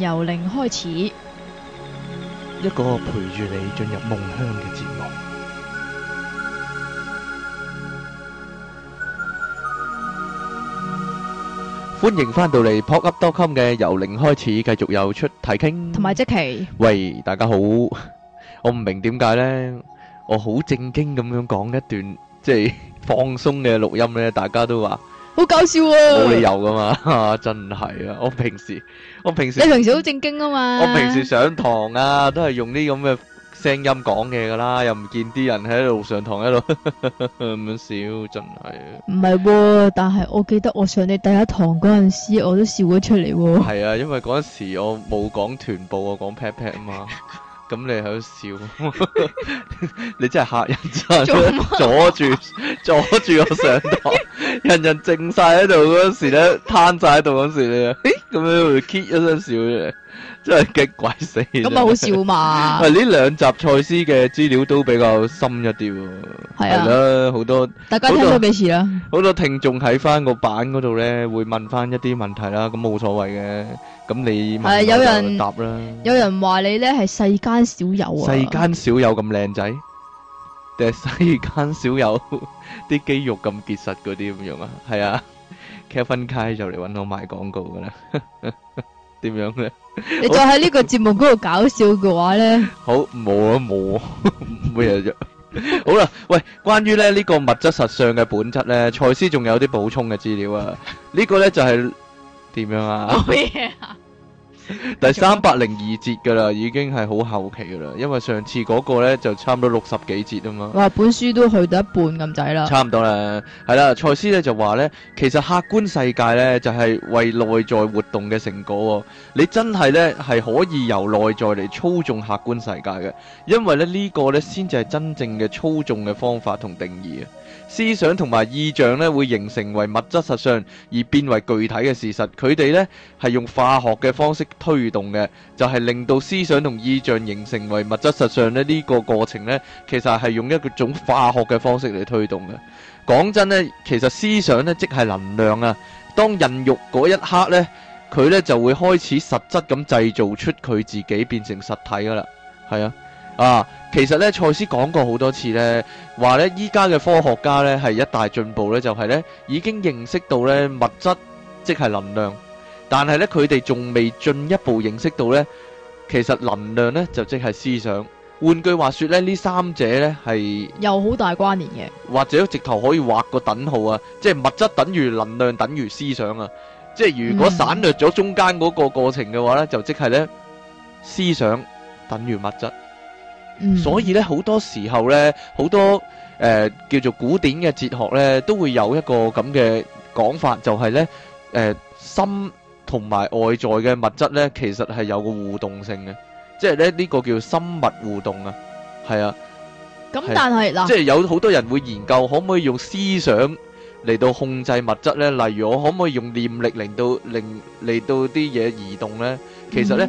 由零開始，一個陪住你進入夢鄉嘅節目。歡迎返到嚟 pop up dot com 嘅由零開始，繼續又出題傾。同埋即期。喂，大家好，我唔明點解呢，我好正經咁樣講一段即係放鬆嘅錄音呢，大家都話。好搞笑啊！冇理由噶嘛，啊、真係啊！我平時我平時你平時好正經啊嘛，我平時上堂啊都係用啲咁嘅聲音講嘢噶啦，又唔見啲人喺一路上堂一路咁樣笑，真係唔係，但係我記得我上你第一堂嗰陣時，我都笑咗出嚟，啊。係啊，因為嗰陣時我冇講臀部，我講 pat pat 啊嘛。 咁你喺度笑， 你，你真係嚇人，阻住，阻住我上堂， 人人靜晒喺度嗰時咧，攤晒喺度嗰時咧，咁樣 keep 一聲笑出嚟。真係激鬼死！咁咪好笑嘛？係呢兩集賽斯嘅資料都比較深一啲，係啦，好多大家聽到幾次啦？好多聽眾喺翻個版嗰度咧，會問翻一啲問題啦，咁冇所謂嘅。咁你係有人答啦？有人話你咧係世間少有啊！世間少有咁靚仔，定係世間少有啲肌肉咁結實嗰啲咁樣啊？係啊，其實分開就嚟搵我賣廣告噶啦。點樣咧？ 你再喺呢個節目嗰度搞笑嘅話咧， 好冇啊冇啊，乜嘢啫？ 什麼 好啦，喂，關於咧呢、這個物質實相嘅本質咧，賽斯仲有啲補充嘅資料啊， 這個呢個咧就係、是、點樣啊？Oh yeah. 第三百零二節噶啦，已經係好後期噶啦，因為上次嗰個呢，就差唔多六十幾節啊嘛。哇，本書都去到一半咁滯啦，差唔多啦。係啦，賽斯呢就話呢，其實客觀世界呢，就係、是、為內在活動嘅成果、哦。你真係呢，係可以由內在嚟操縱客觀世界嘅，因為咧呢、這個呢，先至係真正嘅操縱嘅方法同定義啊。思想同埋意象咧，會形成為物質實相，而變為具體嘅事實。佢哋咧係用化學嘅方式推動嘅，就係令到思想同意象形成為物質實相咧呢個過程咧，其實係用一種化學嘅方式嚟推動嘅。講真咧，其實思想咧即係能量啊。當孕育嗰一刻咧，佢咧就會開始實質咁製造出佢自己，變成實體噶啦。係啊。啊，其實咧，賽斯講過好多次咧，話咧依家嘅科學家咧係一大進步咧，就係咧已經認識到咧物質即係能量，但係咧佢哋仲未進一步認識到咧，其實能量咧就即係思想。換句話說咧，呢三者咧係有好大關聯嘅，或者直頭可以畫個等號啊，即係物質等於能量等於思想啊，即係如果省略咗中間嗰個過程嘅話咧，就即係咧思想等於物質。所以咧，好多時候咧，好多誒叫做古典嘅哲學咧，都會有一個咁嘅講法，就係咧，誒心同埋外在嘅物質咧，其實係有個互動性嘅，即係咧呢個叫心物互動啊。係啊，咁但係嗱，即係有好多人會研究可唔可以用思想嚟到控制物質咧？例如我可唔可以用念力令到令嚟到啲嘢移動咧？其實咧。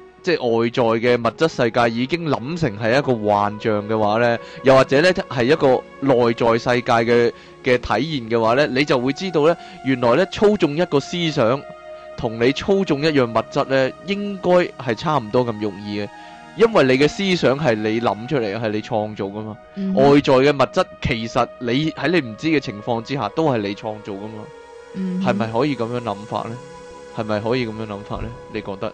即係外在嘅物質世界已經諗成係一個幻象嘅話呢，又或者呢係一個內在世界嘅嘅體驗嘅話呢，你就會知道呢，原來呢，操縱一個思想同你操縱一樣物質呢，應該係差唔多咁容易嘅，因為你嘅思想係你諗出嚟，係你創造噶嘛。Mm -hmm. 外在嘅物質其實你喺你唔知嘅情況之下，都係你創造噶嘛。Mm-hmm. 係咪可以咁樣諗法呢？係咪可以咁樣諗法呢？你覺得？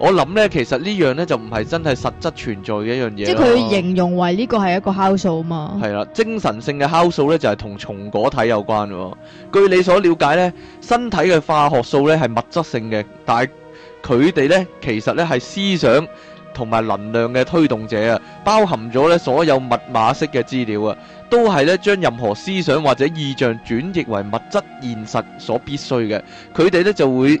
我諗咧，其實呢樣呢就唔係真係實質存在嘅一樣嘢。即係佢形容為呢個係一個酵素啊嘛。係啦，精神性嘅酵素呢就係同松果體有關咯。據你所了解呢，身體嘅化學素呢係物質性嘅，但係佢哋呢其實呢係思想同埋能量嘅推動者啊，包含咗呢所有密碼式嘅資料啊，都係呢將任何思想或者意象轉譯為物質現實所必須嘅。佢哋呢就會。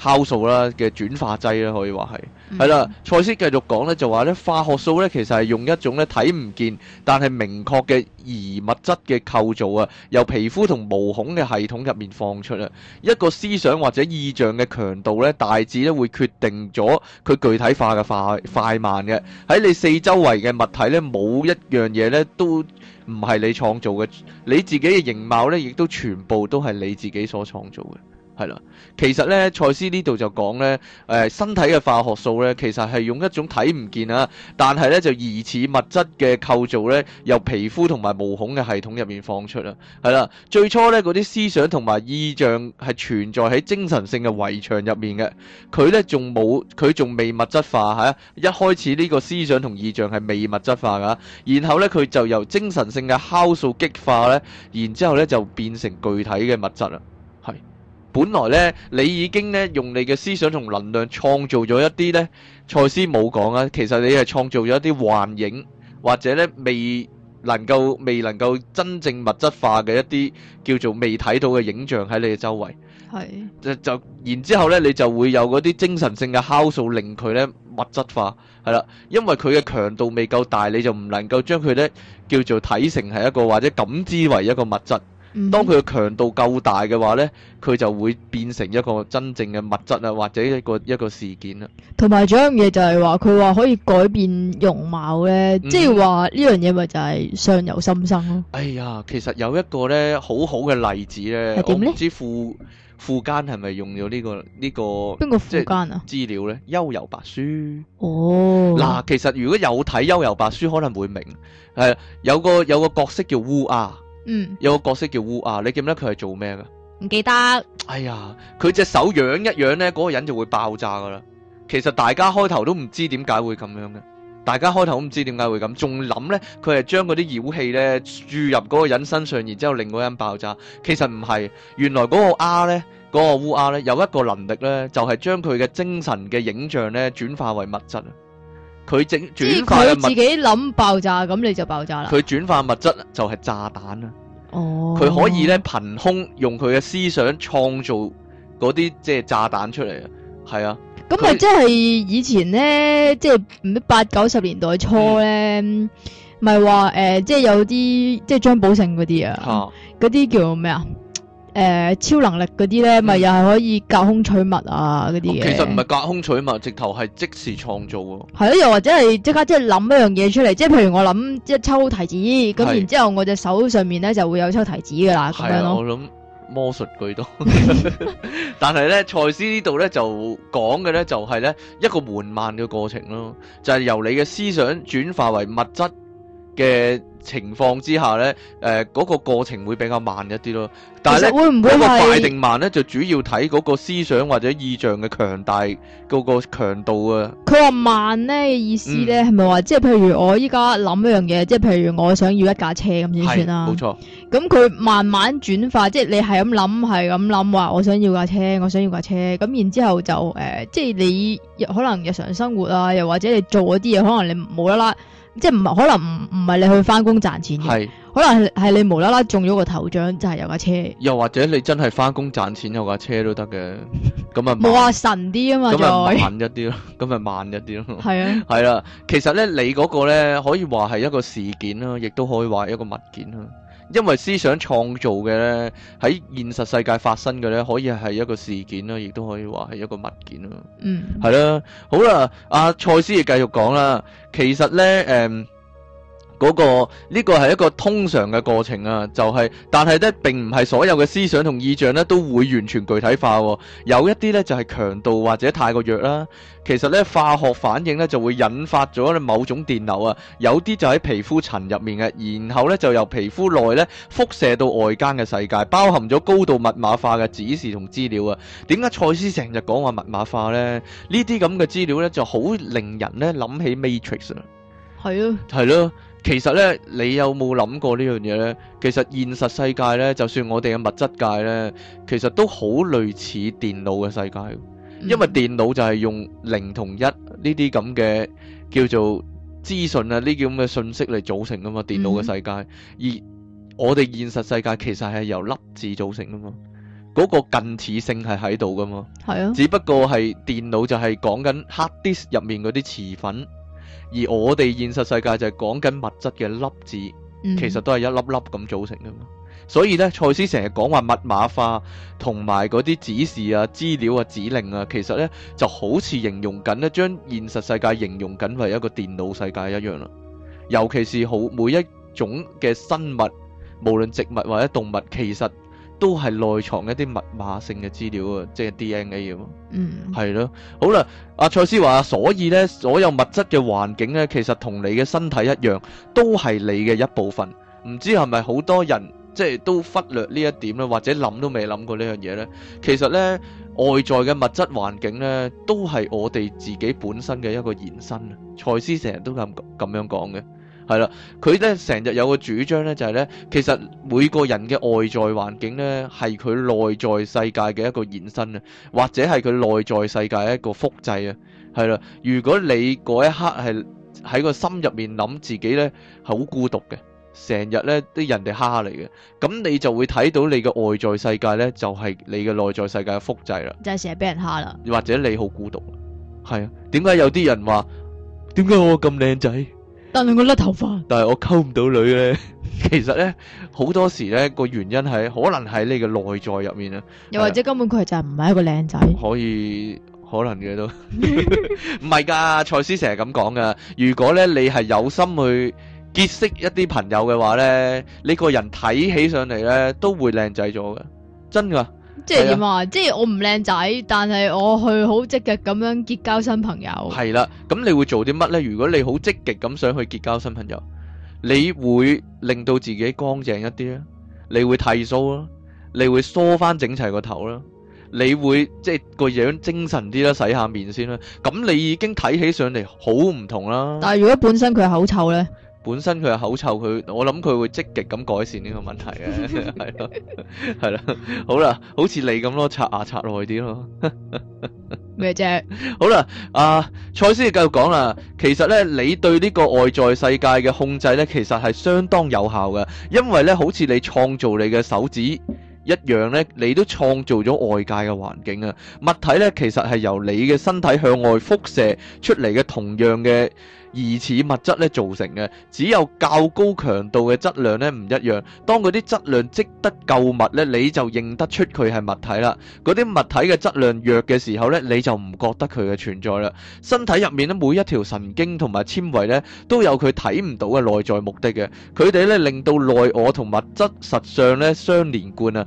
酵素啦嘅轉化劑啦，可以話係係啦。賽、mm、斯 -hmm. 繼續講咧，就話咧化學素咧，其實係用一種咧睇唔見，但係明確嘅異物質嘅構造啊，由皮膚同毛孔嘅系統入面放出啊。一個思想或者意象嘅強度咧，大致咧會決定咗佢具體化嘅快快慢嘅。喺你四周圍嘅物體咧，冇一樣嘢咧都唔係你創造嘅，你自己嘅形貌咧，亦都全部都係你自己所創造嘅。係啦，其實咧，賽斯呢度就講咧，誒、呃，身體嘅化學素咧，其實係用一種睇唔見啊，但係咧就疑似物質嘅構造咧，由皮膚同埋毛孔嘅系統入面放出啦。係啦，最初咧嗰啲思想同埋意象係存在喺精神性嘅圍牆入面嘅，佢咧仲冇，佢仲未物質化吓。一開始呢個思想同意象係未物質化噶，然後咧佢就由精神性嘅酵素激化咧，然之後咧就變成具體嘅物質啦，係。本來咧，你已經咧用你嘅思想同能量創造咗一啲咧，賽斯冇講啊。其實你係創造咗一啲幻影，或者咧未能夠未能夠真正物質化嘅一啲叫做未睇到嘅影像喺你嘅周圍。係就然之後咧，你就會有嗰啲精神性嘅酵素，令佢咧物質化。係啦，因為佢嘅強度未夠大，你就唔能夠將佢咧叫做睇成係一個或者感知為一個物質。當佢嘅強度夠大嘅話呢，佢就會變成一個真正嘅物質啊，或者一個一個事件啦。同埋仲有一樣嘢就係話佢話可以改變容貌呢，嗯，即係話呢樣嘢咪就係相由心生咯。哎呀，其實有一個呢，好好嘅例子呢，我唔知附附間係咪用咗呢，這個呢，這個邊個附間啊？資、就是、料呢？《幽遊白書》哦。嗱，啊，其實如果有睇《幽遊白書》，可能會明係有個有個角色叫烏亞。嗯，有個角色叫烏鴉，你記唔記得佢係做咩噶？唔記得。哎呀，佢隻手揚一揚呢，嗰個人就會爆炸噶啦。其實大家開頭都唔知點解會咁樣嘅，大家開頭都唔知點解會咁，仲諗呢，佢係將嗰啲妖氣呢注入嗰個人身上，然之後令嗰個人爆炸。其實唔係，原來嗰個 R 呢，嗰個烏鴉呢有一個能力呢，就係將佢嘅精神嘅影像呢轉化為物質。佢整轉化自己諗爆炸，咁你就爆炸啦。佢轉化的物質就係炸彈啦。哦，佢可以咧，憑空用佢嘅思想創造嗰啲即係炸彈出嚟啊。係啊，咁啊，即係以前咧，即係唔知八九十年代初咧，唔係話誒，即、呃、係、就是、有啲即係張寶勝嗰啲啊，嗰啲叫咩啊？誒、呃，超能力嗰啲咧，咪又係可以隔空取物啊嗰啲嘢。其實唔係隔空取物，直頭係即時創造啊。係咯，又或者係即刻即係諗一樣嘢出嚟，即係譬如我諗即係抽提子，咁然之後我隻手上面咧就會有抽提子噶啦。係啊，我諗魔術居多。但係咧，賽斯呢度咧就講嘅咧就係咧一個緩慢嘅過程咯，就係、是、由你嘅思想轉化為物質嘅。情況之下咧，誒、呃、嗰、那個過程會比較慢一啲咯。但係咧，會唔會、那個快定慢咧，就主要睇嗰個思想或者意象嘅強大，嗰、那個強度啊。佢話慢咧意思咧，係咪話即係譬如我依家諗一樣嘢，即係譬如我想要一架車咁先算啦。冇錯。咁佢慢慢轉化，即係你係咁諗，係咁諗話我想要一架車，我想要架車。咁然之後就誒、呃，即係你可能日常生活啊，又或者你做嗰啲嘢，可能你冇得啦。即係唔係可能唔唔係你去翻工賺錢嘅，可能係你，你無啦啦中咗個頭獎，就係、是、有架車。又或者你真係翻工賺錢有架車都得嘅，咁啊冇話神啲啊嘛，再慢一啲咯，咁 咪 慢一啲咯。係啊， 啦、啊，其實咧你嗰個咧可以話係一個事件啦、啊，亦都可以話係一個物件啦、啊。因為思想創造嘅咧，喺現實世界發生嘅咧，可以係一個事件啦，亦都可以話係一個物件咯。嗯，係啦。好啦，阿賽斯亦繼續講啦。其實咧，誒、嗯。嗰個呢個係一個通常嘅過程啊，就係，但係咧並唔係所有嘅思想同意象咧都會完全具體化，有一啲咧就係強度或者太過弱啦。其實咧化學反應咧就會引發咗咧某種電流啊，有啲就喺皮膚層入面嘅，然後咧就由皮膚內咧輻射到外間嘅世界，包含咗高度密碼化嘅指示同資料啊。點解賽斯成日講話密碼化呢？呢啲咁嘅資料咧就好令人咧諗起 Matrix 啊。係啊，係咯。其實咧，你有冇諗過呢樣嘢呢？其實現實世界呢，就算我哋嘅物質界呢，其實都好類似電腦嘅世界，嗯，因為電腦就係用零同一呢啲咁嘅叫做資訊啊，呢啲咁嘅信息嚟組成噶嘛，電腦嘅世界。嗯、而我哋現實世界其實係由粒子組成噶嘛，嗰、那個近似性係喺度噶嘛，啊。只不過係電腦就係講緊黑 a 入面嗰啲磁粉。而我哋現實世界就係講緊物質嘅粒子，其實都係一粒粒咁組成嘅嘛。所以咧，賽斯成日講話密碼化同埋嗰啲指示啊、資料啊、指令啊，其實咧就好似形容緊咧將現實世界形容緊為一個電腦世界一樣啦。尤其是好每一種嘅生物，無論植物或者動物，其實。.都係內藏一啲密碼性嘅資料啊，即係 DNA 咁。嗯，係咯。好啦，阿賽斯話，所以咧，所有物質嘅環境咧，其實同你嘅身體一樣，都係你嘅一部分。唔知係咪好多人即係都忽略呢一點咧，或者諗都未諗過呢樣嘢咧？其實咧，外在嘅物質環境咧，都係我哋自己本身嘅一個延伸啊。賽斯成日都咁咁樣講嘅。係啦，佢咧成日有個主張咧，就係咧，其實每個人嘅外在環境咧，係佢內在世界嘅一個延伸啊，或者係佢內在世界一個複製啊。係啦，如果你嗰一刻係喺個心入面諗自己咧，係好孤獨嘅，成日咧啲人哋蝦嚟嘅，咁你就會睇到你嘅外在世界咧，就係你嘅內在世界嘅複製啦，就係成日俾人蝦啦，或者你好孤獨。係啊，點解有啲人話，點解我咁靚仔？但係我甩頭髮，但係我溝唔到女咧，其實咧好多時咧個原因係可能喺你嘅內在入面啊，又或者根本佢就真係唔係一個靚仔，可以可能嘅都唔係噶，賽斯成日咁講噶。如果咧你係有心去結識一啲朋友嘅話咧，你個人睇起上嚟，咧都會靚仔咗嘅，真噶。即係點啊？即係我唔靚仔，但係我去好積極咁樣結交新朋友。係啦，咁你會做啲乜呢？如果你好積極咁想去結交新朋友，你會令到自己乾淨一啲啦，你會剃鬚啦，你會梳翻整齊個頭啦，你會即係、就是、個樣精神啲啦，洗下面先啦。咁你已經睇起上嚟好唔同啦。但係如果本身佢口臭呢？本身佢係口臭他，佢、我諗佢會積極咁改善呢個問題嘅。係咯，係啦，好啦， 好似你咁咯，刷牙刷耐啲咯，咩啫？好啦，阿賽斯繼續講啦。其實呢，你對呢個外在世界嘅控制呢，其實係相當有效嘅，因為呢，好似你創造你嘅手指一樣呢，你都創造咗外界嘅環境啊，物體呢，其實係由你嘅身體向外輻射出嚟嘅，同樣嘅。而此物質咧造成嘅，只有較高強度嘅質量咧唔一樣。當嗰啲質量積得夠密咧，你就認得出佢係物體啦。嗰啲物體嘅質量弱嘅時候咧，你就唔覺得佢嘅存在啦。身體入面咧，每一條神經同埋纖維咧都有佢睇唔到嘅內在目的嘅，佢哋咧令到內我同物質實相咧相連貫啊！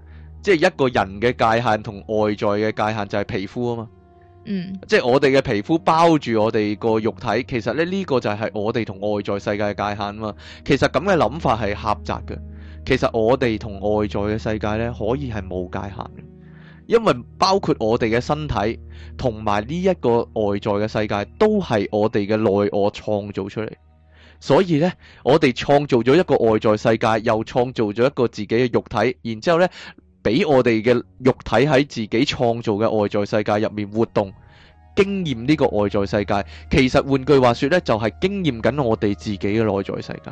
即係一個人嘅界限同外在嘅界限就係皮膚啊嘛，嗯，即係我哋嘅皮膚包住我哋個肉體，其實咧呢個就係我哋同外在世界嘅界限啊嘛。其實咁嘅諗法係狹窄嘅。其實我哋同外在嘅世界咧可以係冇界限嘅，因為包括我哋嘅身體同埋呢一個外在嘅世界都係我哋嘅內我創造出嚟。所以呢，我哋創造咗一個外在世界，又創造咗一個自己嘅肉體，然之後呢。俾我哋嘅肉體喺自己創造嘅外在世界入面活動，經驗呢個外在世界，其實換句話說呢就係經驗緊我哋自己嘅內在世界，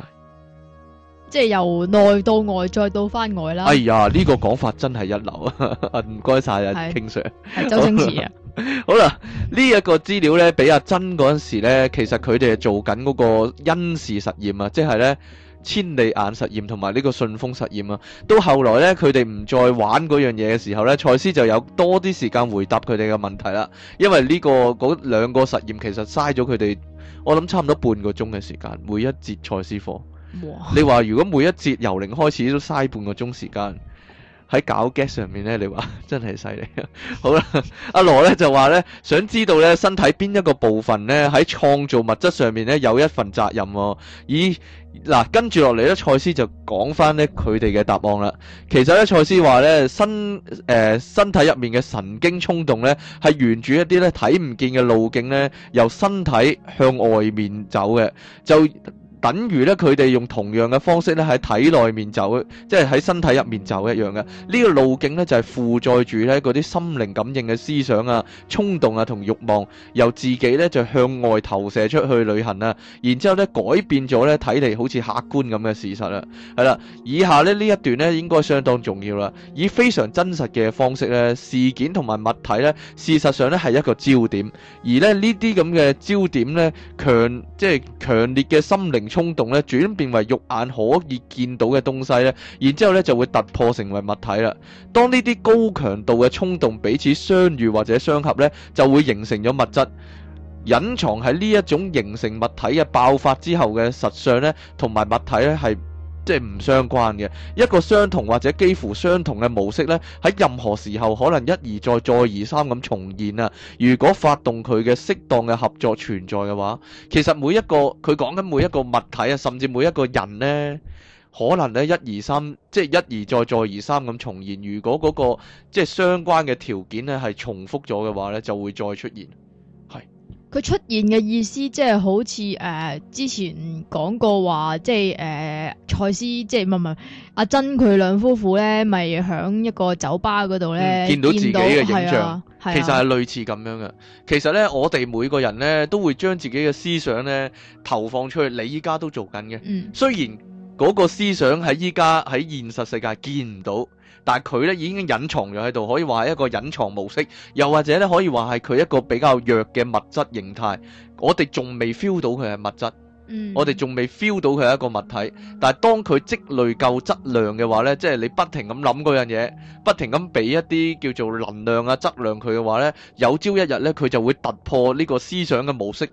即係由內到外再到翻外啦。哎呀，呢、這個講法真係一流 謝謝啊！唔該晒啊，傾上係周星馳啊。好啦，呢一 個資料呢俾阿珍嗰陣時呢其實佢哋做緊嗰個因事實驗啊，即係呢。千里眼實驗同埋呢個信封實驗啊，到後來呢，佢哋唔再玩嗰樣嘢嘅時候呢，賽斯就有多啲時間回答佢哋嘅問題啦。因為呢、這個嗰兩個實驗其實嘥咗佢哋，我諗差唔多半個鐘嘅時間，每一節賽斯課。你話如果每一節由零開始都嘥半個鐘時間，喺搞 get 上面咧，你話真係犀利啊！好啦，阿、啊、羅咧就話咧，想知道咧身體邊一個部分咧喺創造物質上面咧有一份責任喎、哦。咦，嗱跟住落嚟咧，賽斯就講返咧佢哋嘅答案啦。其實咧，賽斯話咧，身誒、呃、身體入面嘅神經衝動咧，係沿住一啲咧睇唔見嘅路徑咧，由身體向外面走嘅，就。等於咧，佢哋用同樣嘅方式咧，喺體內面走，即係喺身體入面走一樣嘅。呢個路徑咧就係附載住咧嗰啲心靈感應嘅思想啊、衝動啊同慾望，由自己咧就向外投射出去旅行啊。然之後咧改變咗咧，睇嚟好似客觀咁嘅事實啦。係啦，以下咧呢一段咧應該相當重要啦。以非常真實嘅方式咧，事件同埋物體咧，事實上咧係一個焦點，而咧呢啲咁嘅焦點咧強即係強烈嘅心靈。衝動咧轉變為肉眼可以見到嘅東西咧，然之後咧就會突破成為物體啦。當呢啲高強度嘅衝動彼此相遇或者相合咧，就會形成咗物質。隱藏喺呢一種形成物體嘅爆發之後嘅實相咧，同埋物體係即係唔相關嘅一個相同或者幾乎相同嘅模式呢，喺任何時候可能一而再再而三咁重現啊！如果發動佢嘅適當嘅合作存在嘅話，其實每一個，佢講緊每一個物體啊，甚至每一個人呢，可能呢一而三，即係、就是、一而再再而三咁重現。如果嗰、那個即係相關嘅條件呢係重複咗嘅話呢，就會再出現。佢出現嘅意思即係好似誒、呃、之前講過話，即係誒、呃、賽斯即係唔係唔係阿珍佢兩夫婦咧，咪喺一個酒吧嗰度咧見到自己嘅形象，其實係類似咁樣嘅。其實咧，我哋每個人咧都會將自己嘅思想咧投放出去，你依家都在做緊嘅、嗯。雖然嗰個思想喺依家喺現實世界見唔到。但係佢咧已經隱藏咗喺度，可以話係一個隱藏模式，又或者咧可以話係佢一個比較弱嘅物質形態。我哋仲未 feel 到佢係物質。嗯，我哋仲未 feel 到佢係一個物體。但係當佢積累夠質量嘅話咧，即係你不停咁諗嗰樣嘢，不停咁俾一啲叫做能量啊質量佢嘅話咧，有朝一日咧佢就會突破呢個思想嘅模式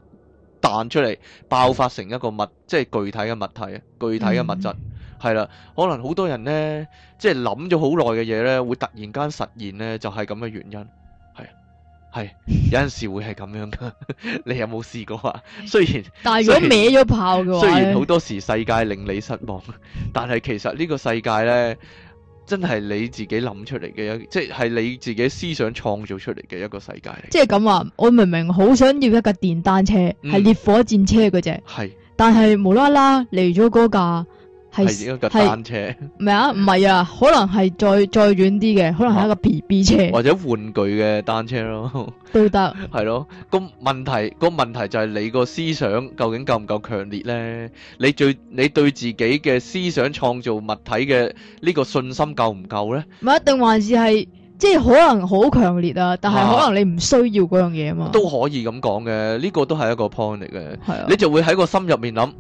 彈出嚟，爆發成一個物，即係具體嘅物體啊，具體嘅物質。嗯係啦，可能好多人呢，即係諗咗好耐嘅嘢呢，會突然間實現呢，就係咁嘅原因。係係有陣時會係咁樣噶。 你有冇試過啊？雖然但係如果歪咗炮嘅話，雖然好多時世界令你失望，哎，但係其實呢個世界呢，真係你自己諗出嚟嘅一即係你自己思想創造出嚟嘅一個世界。即係咁話，我明明好想要一架電單車，係，嗯、烈火戰車嗰隻，但係無啦啦嚟咗嗰架。係一個單車，唔係啊？唔係啊，唔係啊，可能係再再遠啲嘅，可能係一個 BB 車，或者玩具嘅單車咯，都得。係咯，咁問題個問題就係你個思想究竟夠唔夠強烈咧？你最你對自己嘅思想創造物體嘅呢個信心夠唔夠咧？唔係一定還是係即係可能好強烈啊，但係可能你唔需要嗰樣嘢啊嘛。都可以咁講嘅，呢個都係一個 point 嚟嘅。係啊，你就會喺個心入面諗。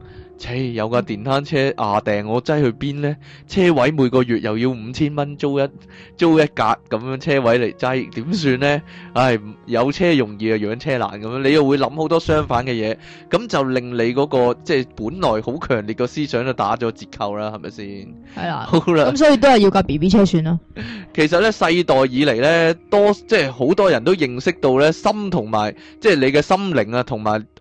哎、有架電單車啊訂我擠去邊呢？車位每個月又要五千蚊租一租一格咁樣，車位嚟擠點算呢？唉、哎，有車容易啊，養車難。咁樣你又會諗好多相反嘅嘢，咁就令你嗰、嗰個即係本來好強烈個思想就打咗折扣啦，係咪先？係啦，好啦，咁所以都係要架 B B 車算囉。其實呢，世代以嚟呢，多即係好多人都認識到呢，心同埋即係你嘅心靈啊，同埋。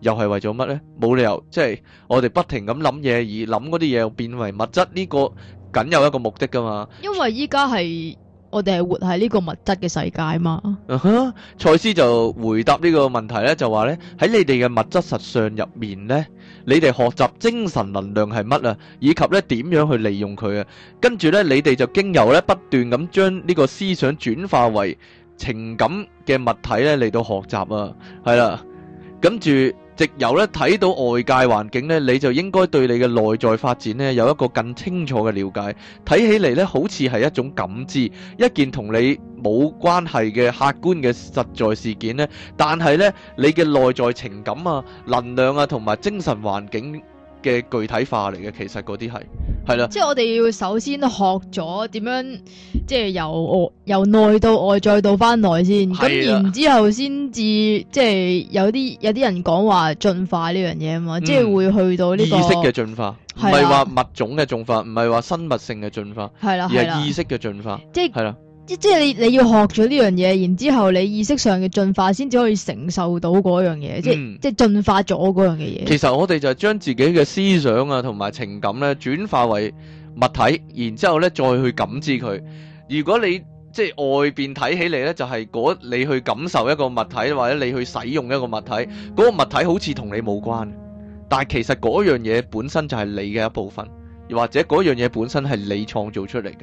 又係為咗乜咧？冇理由，即係我哋不停咁諗嘢，而諗嗰啲嘢變為物質。呢個僅有一個目的噶嘛？因為依家係我哋係活喺呢個物質嘅世界嘛。嗯哼，賽斯就回答呢個問題咧，就話咧，喺你哋嘅物質實相入面咧，你哋學習精神能量係乜啊？以及咧點樣去利用佢啊？跟住咧，你哋就經由咧不斷咁將呢個思想轉化為情感嘅物體咧，嚟到學習啊，係啦，跟住。直由咧睇到外界環境咧，你就應該對你嘅內在發展咧有一個更清楚嘅了解。睇起嚟咧，好似係一種感知，一件同你冇關係嘅客觀嘅實在事件咧，但係咧，你嘅內在情感啊、能量啊同埋精神環境，嘅具體化嚟嘅，其實嗰啲係係啦，即係我哋要首先學咗點樣，即係由由內到外再到翻內先，咁然之後先至即係有啲有啲人講話進化呢樣嘢啊嘛，嗯、即係會去到呢、呢個意識嘅進化，唔係話物種嘅進化，唔係話生物性嘅進化，係啦，而係意識嘅進化，即係啦。即即係你你要學咗呢樣嘢，然之後你意識上嘅進化先至可以承受到嗰樣嘢，即即進化咗嗰樣嘅嘢。其實我哋就係將自己嘅思想啊同埋情感咧轉化為物體，然之後咧再去感知佢。如果你即係外邊睇起嚟，咧就係、嗰、你去感受一個物體，或者你去使用一個物體，嗰、嗯嗰個物體好似同你冇關，但係其實嗰樣嘢本身就係你嘅一部分。又或者嗰樣嘢本身係你創造出嚟嘅，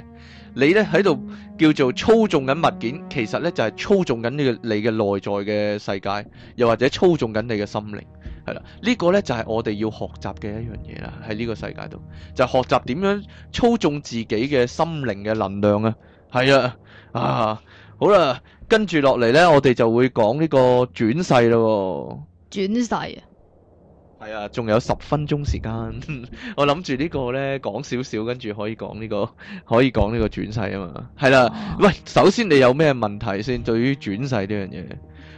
你呢喺度叫做操縱緊物件，其實呢就係操縱緊呢個你嘅內在嘅世界，又或者操縱緊你嘅心靈，係啦，呢個呢就係我哋要學習嘅一樣嘢啦，喺呢個世界度，就係學習點樣操縱自己嘅心靈嘅能量啊，係啊，啊，嗯，好啦，跟住落嚟呢，我哋就會講呢個轉世啦喎，轉世啊。係啊，仲有十分鐘時間，我諗住呢個咧講少少，跟住可以講呢個可以講呢個轉世啊嘛，係啦、啊。喂，首先你有咩問題先？對於轉世呢樣嘢，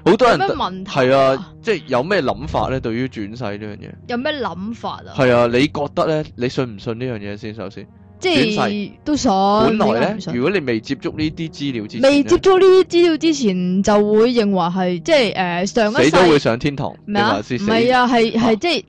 好多人問題係啊，即係有咩諗法咧？對於轉世呢樣嘢，有咩諗法啊？係啊，你覺得咧？你信唔信呢樣嘢先？首先。即係都想，本來咧，如果你未接觸呢啲資料之前，未接觸呢啲資料之前，就會認為係即係誒、呃、上一世。死都會上天堂。明白先？唔係啊，係係即係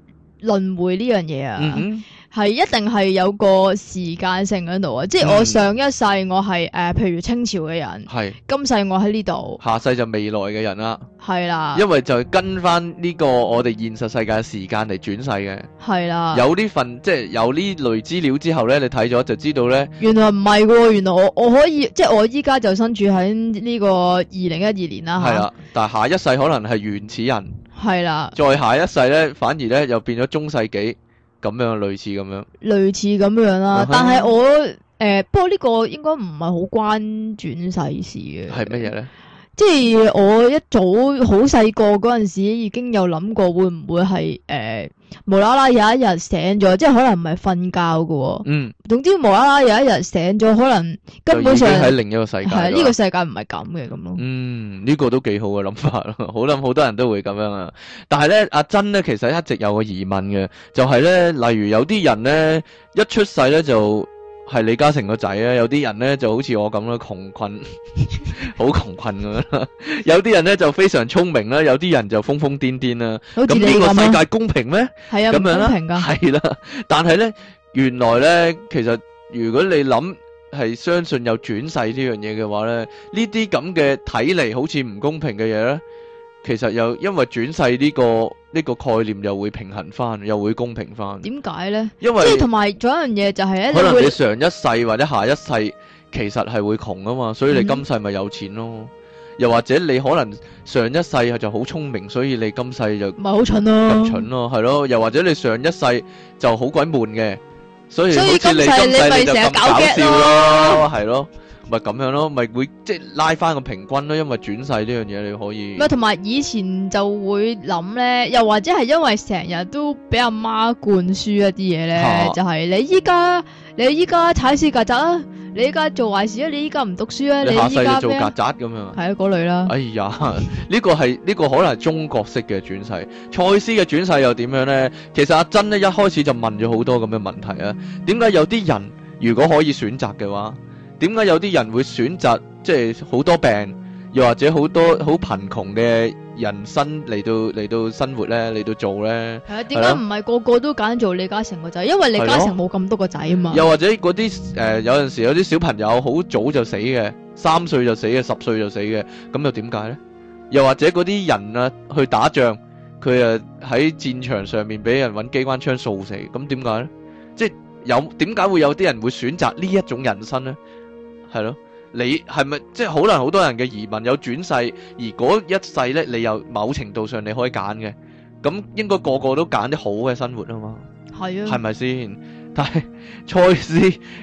輪迴呢樣嘢啊。係一定係有個時間性喺度啊！即係我上一世我係誒、呃，譬如清朝嘅人，嗯，今世我喺呢度，下世就未來嘅人啦。係啦，因為就跟翻呢個我哋現實世界嘅時間嚟轉世嘅。係啦，有呢份即係有呢類資料之後呢，你睇咗就知道呢，原來唔係，原來我我可以即係我依家就身處喺呢個二零一二年啦。係啦，但係下一世可能係原始人。係啦，再下一世呢，反而呢又變咗中世紀。咁樣類似咁樣、啊，類似咁樣啦。但係我誒、呃，不過呢個應該唔係好關轉世事嘅。係乜嘢咧？即係我一早好細個嗰陣時，已經有諗過會唔會係誒。呃無啦啦有一日醒咗，即係可能唔係瞓覺噶，嗯，總之無啦啦有一日醒咗，可能根本上喺另一個世界，係呢、這個世界唔係咁嘅咁咯。嗯，呢、這個都幾好嘅諗法咯，好諗好多人都會咁樣啊。但係咧，阿珍咧其實一直有個疑問嘅，就係、是、咧，例如有啲人咧一出世咧就。係李嘉誠個仔啊！有啲人咧就好似我咁啦，窮困，好 窮困咁啦。有啲人咧就非常聰明啦，有啲人就瘋瘋癲癲啦。咁呢個世界公平咩？係啊，咁樣啦，唔公平噶。係啦，但係咧，原來咧，其實如果你諗係相信有轉世呢樣嘢嘅話咧，呢啲咁嘅睇嚟，好似唔公平嘅嘢咧，其實又因為轉世呢個。呢個概念又會平衡翻，又會公平翻。點解呢？因為即係同埋仲有一樣嘢就係咧，可能你上一世或者下一世其實係會窮啊嘛，所以你今世咪有錢咯。又或者你可能上一世係就好聰明，所以你今世就唔係好蠢咯，蠢咯，係咯。又或者你上一世就好鬼悶嘅，所以所以今世你咪成日搞笑咯，係咯。咪咁樣咯，咪會即係拉翻個平均咯，因為轉世呢樣嘢你可以。咪同埋以前就會諗咧，又或者係因為成日都俾阿媽灌輸一啲嘢咧，就係、是、你依家你依家踩屎曱甴啊，你依家做壞事啊，你依家唔讀書啊，你下世做曱甴咁樣。係啊，嗰類啦。哎呀，呢 個係呢、這個可能係中國式嘅轉世，賽斯嘅轉世又點樣咧？其實阿珍咧一開始就問咗好多咁嘅問題啊，點解有啲人如果可以選擇嘅話？點解有啲人會選擇即係好多病，又或者好多好貧窮嘅人生嚟到嚟到生活咧，嚟到做咧？係啊，點解唔係個個都揀做李嘉誠個仔？因為李嘉誠冇咁多個仔啊嘛。又或者嗰啲誒，有陣時有啲小朋友好早就死嘅，三歲就死嘅，十歲就死嘅，咁又點解咧？又或者嗰啲人啊，去打仗，佢啊喺戰場上面俾人揾機關槍掃死，咁點解咧？即係有點解會有啲人會選擇呢一種人生咧？係咯，你係咪即係可能好多人嘅疑問，有轉世，而嗰一世呢，你又某程度上你可以揀嘅。咁應該個個都揀啲好嘅生活啊嘛。係啊，係咪先？但係賽斯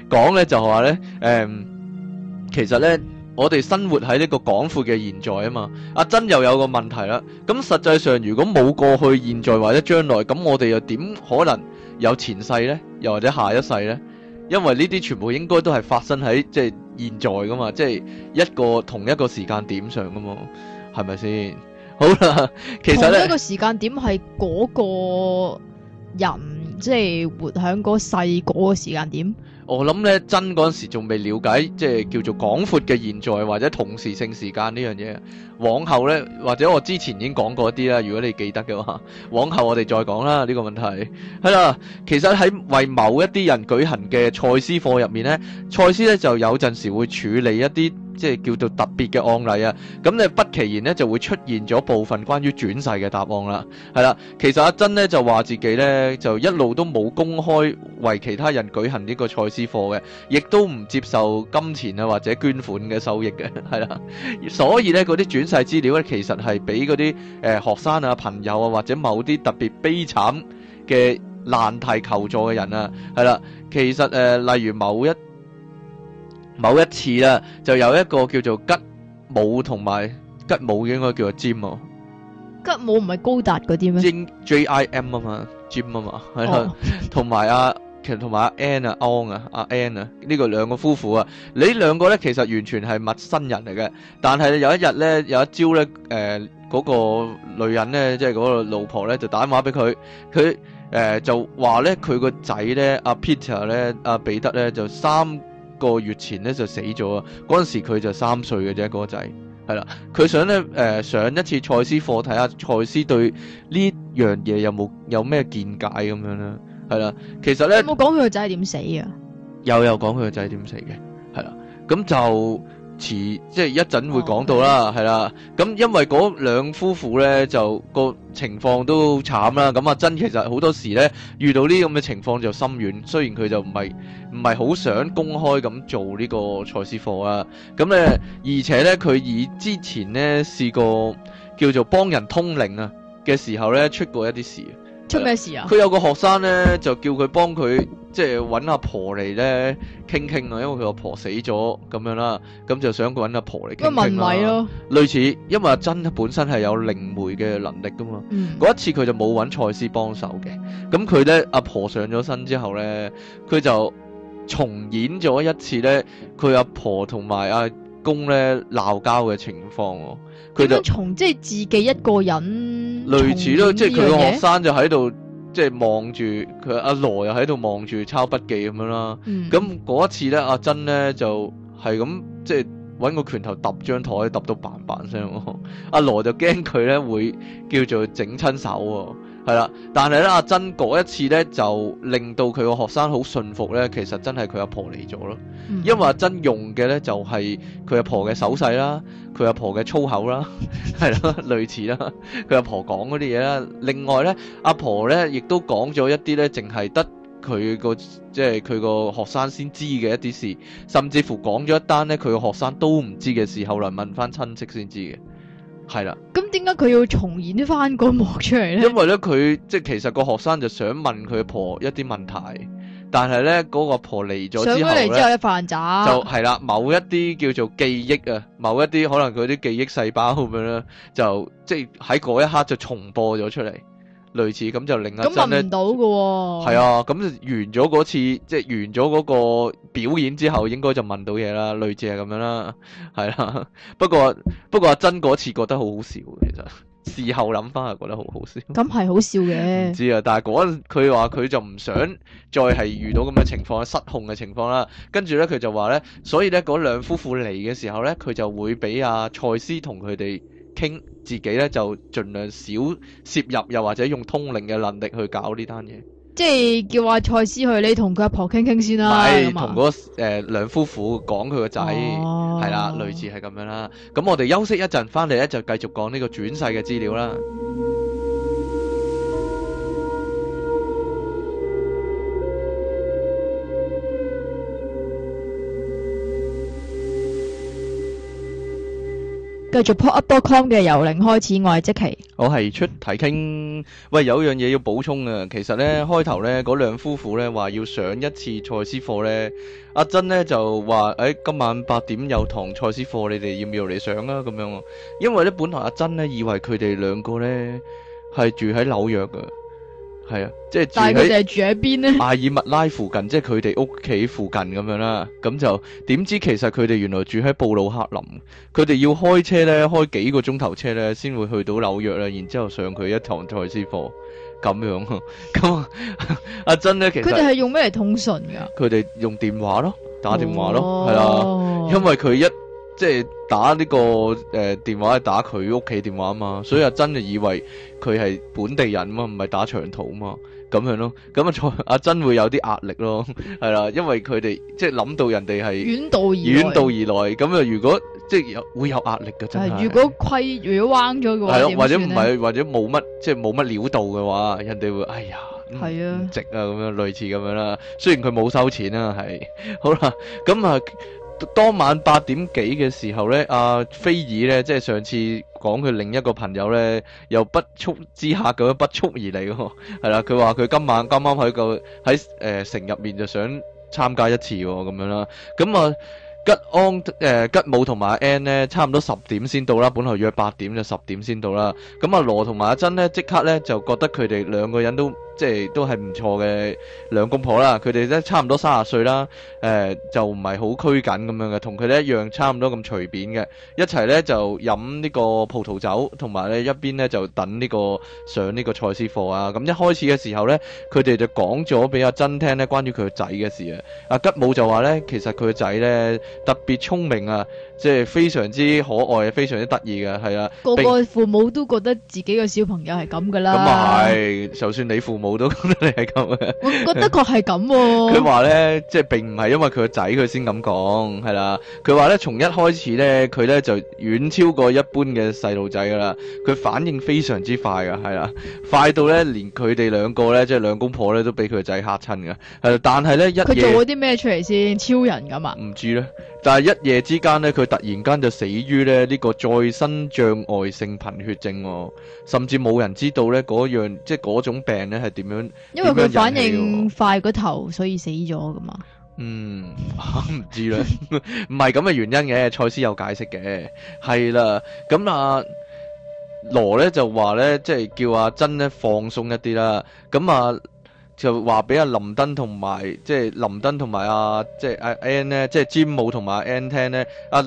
講呢，就話呢，誒、嗯，其實呢，我哋生活喺呢個廣闊嘅現在啊嘛。阿珍又有個問題啦。咁實際上如果冇過去、現在或者將來，咁我哋又點可能有前世呢？又或者下一世呢？因為呢啲全部應該都係發生喺即係。就是現在噶嘛，即係一個同一個時間點上噶嘛，係咪先？好啦，其實咧，同一個時間點係嗰個人，即係活喺嗰細個嗰個時間點。我諗咧真嗰陣時仲未了解，即係叫做廣闊嘅現在或者同時性時間呢樣嘢。往後咧，或者我之前已經講過一啲啦，如果你記得嘅話，往後我哋再講啦呢個問題。係啦，其實喺為某一啲人舉行嘅賽斯課入面咧，賽斯咧就有陣時會處理一啲。即係叫做特別嘅案例啊！咁咧不其然咧就會出現咗部分關於轉世嘅答案啦，係啦。其實阿珍咧就話自己咧就一路都冇公開為其他人舉行呢個賽斯課嘅，亦都唔接受金錢啊或者捐款嘅收益嘅，係啦。所以咧嗰啲轉世資料咧其實係俾嗰啲誒學生啊、朋友啊或者某啲特別悲慘嘅難題求助嘅人啊，係啦。其實誒、呃、例如某一某一次啦，就有一個叫做吉姆同埋吉姆，應該叫做 Jim。吉姆唔係高達嗰啲咩？J I M 啊嘛，Jim 啊嘛，同埋阿其實同埋阿 Ann 啊，On 啊，阿、啊、Ann 啊，呢、這個兩個夫婦啊，呢兩個咧其實完全係陌生人嚟嘅。但係有一日咧，有一朝咧，誒、呃、嗰、那個女人咧，即係嗰個老婆咧，就打電話俾佢，佢誒、呃、就話咧，佢個仔咧，阿、啊、Peter 咧，阿、啊、彼得咧就三個月前咧就死咗啊！嗰陣時佢就是三歲嘅啫，嗰個仔係啦，佢想咧誒、呃、上一次賽斯課睇下賽斯對呢樣嘢有冇有咩見解咁樣啦，係啦，其實咧有冇講佢個仔點死啊？有，有講佢個仔點死嘅，係啦，咁就。遲即係一陣會講到啦，係、okay. 啦。咁因為嗰兩夫婦咧，就個情況都慘啦。咁阿珍其實好多時咧遇到呢啲咁嘅情況就心軟，雖然佢就唔係唔係好想公開咁做呢個賽斯課啦咁咧，而且咧佢以之前咧試過叫做幫人通靈啊嘅時候咧出過一啲事。出咩事啊？佢有個學生咧，就叫佢幫佢，即係搵阿婆嚟咧傾傾啊，因為佢阿婆死咗咁樣啦，咁就想搵阿婆嚟傾傾啦。類似，因為阿珍本身係有靈媒嘅能力噶嘛。嗰、嗯、一次佢就冇搵賽斯幫手嘅，咁佢咧阿婆上咗身之後咧，佢就重演咗一次咧，佢阿婆同埋阿公咧鬧交嘅情況。佢都從即係、就是、自己一個人。類似咯，即係佢個學生就喺度，即係望住佢阿羅又喺度望住抄筆記咁樣啦。咁、嗯、嗰一次咧，阿珍咧就係咁，即係揾個拳頭揼張台揼到嘭嘭聲、嗯。阿羅就驚佢咧會叫做整親手喎、喔。係啦，但係咧阿珍嗰一次咧就令到佢個學生好信服咧，其實真係佢阿婆嚟咗咯，因為阿珍用嘅咧就係佢阿婆嘅手勢啦，佢阿婆嘅粗口啦，係 咯，類似啦，佢阿婆講嗰啲嘢啦。另外咧，阿婆咧亦都講咗一啲咧，淨係得佢個即係佢個學生先知嘅一啲事，甚至乎講咗一單咧，佢個學生都唔知嘅事，後來問翻親戚先知嘅。係啦，咁點解佢要重演翻個幕出嚟咧？因為咧，佢即係其實個學生就想問佢阿婆婆一啲問題，但係咧嗰個婆嚟咗之後咧，就係啦，某一啲叫做記憶啊，某一啲可能佢啲記憶細胞咁樣啦，就即係喺嗰一刻就重播咗出嚟。類似咁就令阿珍咧，係、哦、啊，咁完咗嗰次，即、就、係、是、完咗嗰個表演之後，應該就問到嘢啦，類似係咁樣啦，係啦、啊。不過不過阿珍嗰次覺得好好笑，其實事後諗翻係覺得好好笑。咁係好笑嘅，唔知啊。但係嗰陣佢話佢就唔想再係遇到咁嘅情況，失控嘅情況啦。跟住咧，佢就話咧，所以咧嗰兩夫婦嚟嘅時候咧，佢就會俾阿、啊、賽斯同佢哋。傾自己咧就儘量少涉入，又或者用通靈嘅能力去搞呢單嘢。即係叫阿賽斯去你他婆婆談談、啊，你同佢阿婆傾傾先啦。唔係同嗰誒兩夫婦講佢個仔，係、啊、啦，類似係咁樣啦。咁我哋休息一陣，翻嚟咧就繼續講呢個轉世嘅資料啦。繼續 pop up dot com 嘅由零開始，我係即琪，我係出題傾。喂，有樣嘢要補充啊！其實咧，開頭咧，嗰兩夫婦咧話要上一次賽斯課咧，阿珍咧就話，誒、哎，今晚八點有堂賽斯課，你哋要唔要嚟上啊？咁樣啊，因為咧，本來阿珍咧以為佢哋兩個咧係住喺紐約嘅。係啊，即係住喺。但係佢哋係住喺邊咧？阿爾麥拉附近，即係佢哋屋企附近咁樣啦。咁就點知其實佢哋原來住喺布魯克林。佢哋要開車咧，開幾個鐘頭車咧，先會去到紐約咧。然之後上佢一堂賽斯課，咁樣 啊。咁阿珍咧，其實佢哋係用咩嚟通訊噶？佢哋用電話咯，打電話咯，係、哦、啊，因為佢一。即係打呢、這個誒、呃、電話係打佢屋企電話啊嘛，所以阿珍就以為佢係本地人啊嘛，唔係打長途啊嘛，咁樣咯，咁啊，阿珍會有啲壓力咯，係啦，因為佢哋即係諗到人哋係遠道遠道而來，咁啊如，如果即係有會有壓力噶真係。如果虧如果彎咗嘅話，係咯，或者唔係，或者冇乜即係冇乜料到嘅話，人哋會哎呀，係、嗯、啊，值啊，咁樣類似咁樣啦。雖然佢冇收錢啊，係好啦，咁啊。當晚八點幾嘅時候咧，阿、啊、菲爾咧即係上次講佢另一個朋友咧，又不速之下咁樣不速而嚟喎，係啦，佢話佢今晚啱啱喺個喺誒、呃、城入面就想參加一次咁樣啦，咁啊吉安誒、呃、吉武同埋阿 N 咧差唔多十點先到啦，本來約八點就十點先到啦，咁阿羅同埋阿珍咧即刻咧就覺得佢哋兩個人都。即係都係唔錯嘅兩公婆啦，佢哋咧差唔多三十歲啦，誒、呃、就唔係好拘謹咁樣嘅，同佢哋一樣差唔多咁隨便嘅，一齊咧就飲呢個葡萄酒，同埋咧一邊咧就等呢、這個上呢個賽斯課啊。咁一開始嘅時候咧，佢哋就講咗俾阿珍聽咧，關於佢個仔嘅事啊。阿吉姆就話咧，其實佢個仔咧特別聰明啊。即係非常之可愛，非常之得意嘅，係啊！個個父母都覺得自己嘅小朋友係咁噶啦。咁啊係，就算你父母都覺得你係咁嘅。我覺得確係咁。佢話咧，即係並唔係因為佢個仔，佢先咁講，係啦。佢話咧，從一開始咧，佢咧就遠超過一般嘅細路仔噶啦。佢反應非常之快噶，係啦，快到咧連佢哋兩個咧，即係兩公婆咧，都俾佢個仔嚇親嘅。但係咧一夜佢做咗啲咩出嚟先？超人噶嘛？唔知咧。但係一夜之間咧，佢突然間就死於咧呢、這個再生障礙性貧血症，哦，甚至冇人知道咧嗰樣即係嗰種病咧係點樣。因為佢反應快過頭，頭，所以死咗噶嘛。嗯，唔、啊、知啦，唔係咁嘅原因嘅，賽斯有解釋嘅，係啦。咁啊羅咧就話咧，即係叫阿珍咧放鬆一啲啦。咁啊。就話俾阿林登同埋，即係林登同埋阿即係阿 N 咧，即係詹姆同埋阿 N 聽咧，阿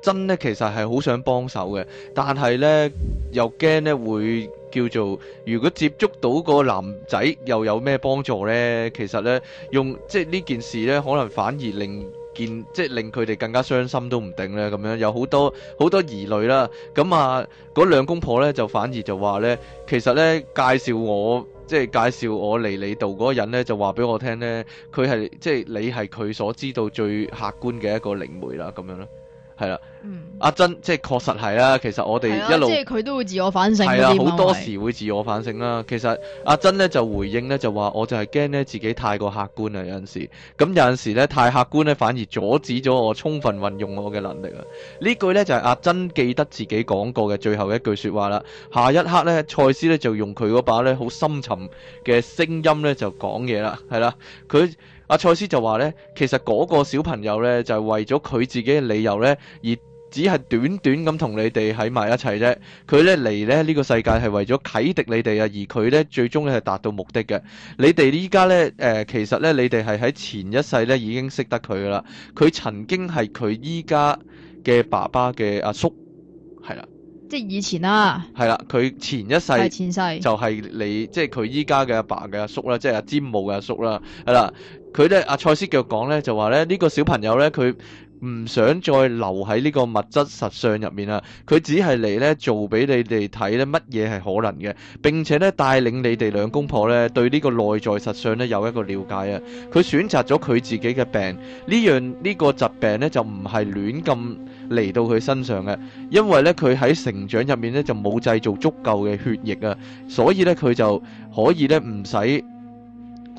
珍咧其實係好想幫手嘅，但係咧又驚咧會叫做，如果接觸到個男仔又有咩幫助咧，其實咧用即係呢件事咧，可能反而令件即係令佢哋更加傷心都唔定咧，咁樣有好多好多疑慮啦。咁啊，嗰兩公婆咧就反而就話咧，其實咧介紹我。即係介紹我嚟你度嗰個人咧，就話俾我聽咧，佢係即係你係佢所知道最客觀嘅一個靈媒啦，咁樣咯。係啦、嗯，阿珍即係確實係啦。其實我哋一路即係佢都會自我反省。係啦，好多時會自我反省啦。其實阿珍咧就回應咧就話，我就係驚咧自己太過客觀啦。有陣時咁有陣時咧太客觀咧反而阻止咗我充分運用我嘅能力啊。句呢句咧就係、阿珍記得自己講過嘅最後一句說話啦。下一刻咧，賽斯咧就用佢嗰把咧好深沉嘅聲音咧就講嘢啦。係啦，佢。阿賽斯就話呢，其實嗰個小朋友呢，就係、是、為咗佢自己嘅理由呢，而只係短短咁同你哋喺埋一齊啫。佢呢嚟呢呢、這個世界係為咗啟迪你哋啊，而佢呢最終係係達到目的嘅。你哋依家呢，誒、呃，其實呢，你哋係喺前一世呢已經識得佢噶啦。佢曾經係佢依家嘅爸爸嘅阿、啊、叔，係啦，即係以前啦、啊，係啦，佢前一世就係你，即係佢依家嘅阿爸嘅阿叔啦，即係阿詹姆嘅阿叔啦，係啦、啊。佢咧阿賽斯腳講咧就話咧呢，呢、呢個小朋友咧佢唔想再留喺呢個物質實相入面啦，佢只係嚟咧做俾你哋睇咧乜嘢係可能嘅，並且咧帶領你哋兩公婆咧對呢個內在實相咧有一個了解啊！佢選擇咗佢自己嘅病，呢樣呢、呢個疾病咧就唔係亂咁嚟到佢身上嘅，因為咧佢喺成長入面咧就冇製造足夠嘅血液啊，所以咧佢就可以咧唔使，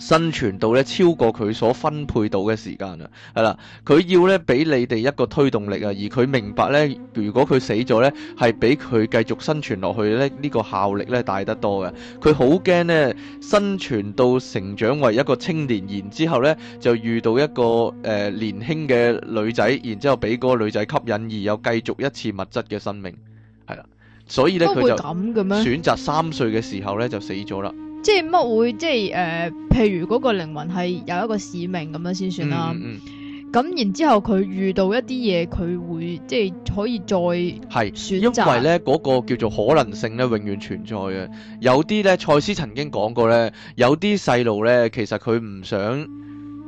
生存到咧超過佢所分配到嘅時間啊，係啦，佢要咧俾你哋一個推動力啊，而佢明白咧，如果佢死咗咧，係比佢繼續生存落去咧呢、這個效力咧大得多嘅，佢好驚咧生存到成長為一個青年，然之後咧就遇到一個誒、呃、年輕嘅女仔，然之後俾嗰個女仔吸引，而又繼續一次物質嘅生命，係啦，所以咧佢就選擇三歲嘅時候咧就死咗啦。即係乜會即係誒、呃？譬如嗰個靈魂係有一個使命，咁樣先算啦。咁、嗯嗯、然之後佢遇到一啲嘢，佢會即係可以再係選擇。因為咧嗰、嗰個叫做可能性咧，永遠存在嘅。有啲咧，賽斯曾經講過咧，有啲細路咧，其實佢唔想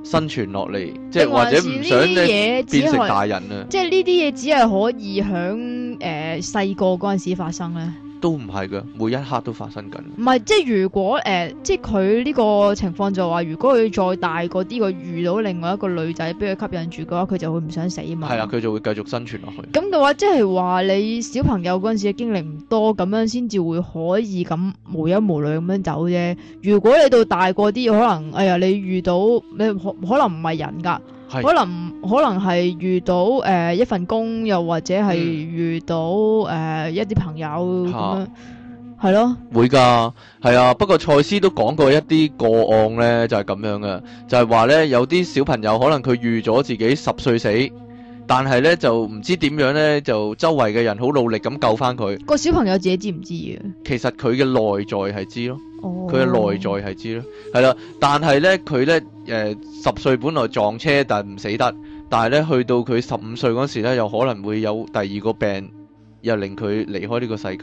生存落嚟，即係或者唔想咧變成大人啊！即係呢啲嘢只係可以響誒細個嗰陣時發生咧。都唔係嘅，每一刻都發生緊。唔係，即係如果誒、呃，即係佢呢個情況就話，如果佢再大個啲，佢遇到另外一個女仔俾佢吸引住嘅話，佢就會唔想死啊嘛。係啊，佢就會繼續生存落去。咁嘅話，即係話你小朋友嗰陣時嘅經歷唔多，咁樣先至會可以咁無憂無慮咁樣走啫。如果你到大個啲，可能哎呀，你遇到你可可能唔係人㗎。是可能可能係遇到誒、呃、一份工，又或者係遇到誒、嗯呃、一啲朋友咁樣，係、啊、咯，會噶，係啊。不過賽斯都講過一啲個案咧，就係、是、咁樣嘅，就係話咧，有啲小朋友可能佢預咗自己十歲死。但係咧就唔知點樣咧，就周圍嘅人好努力咁救翻佢。個小朋友自己知唔知嘅？其實佢嘅內在係知咯，佢、oh. 嘅內在係知咯，係啦。但係咧佢咧，誒十、呃、歲本來撞車但係唔死得，但係咧去到佢十五歲嗰時咧，又可能會有第二個病，又令佢離開呢個世界，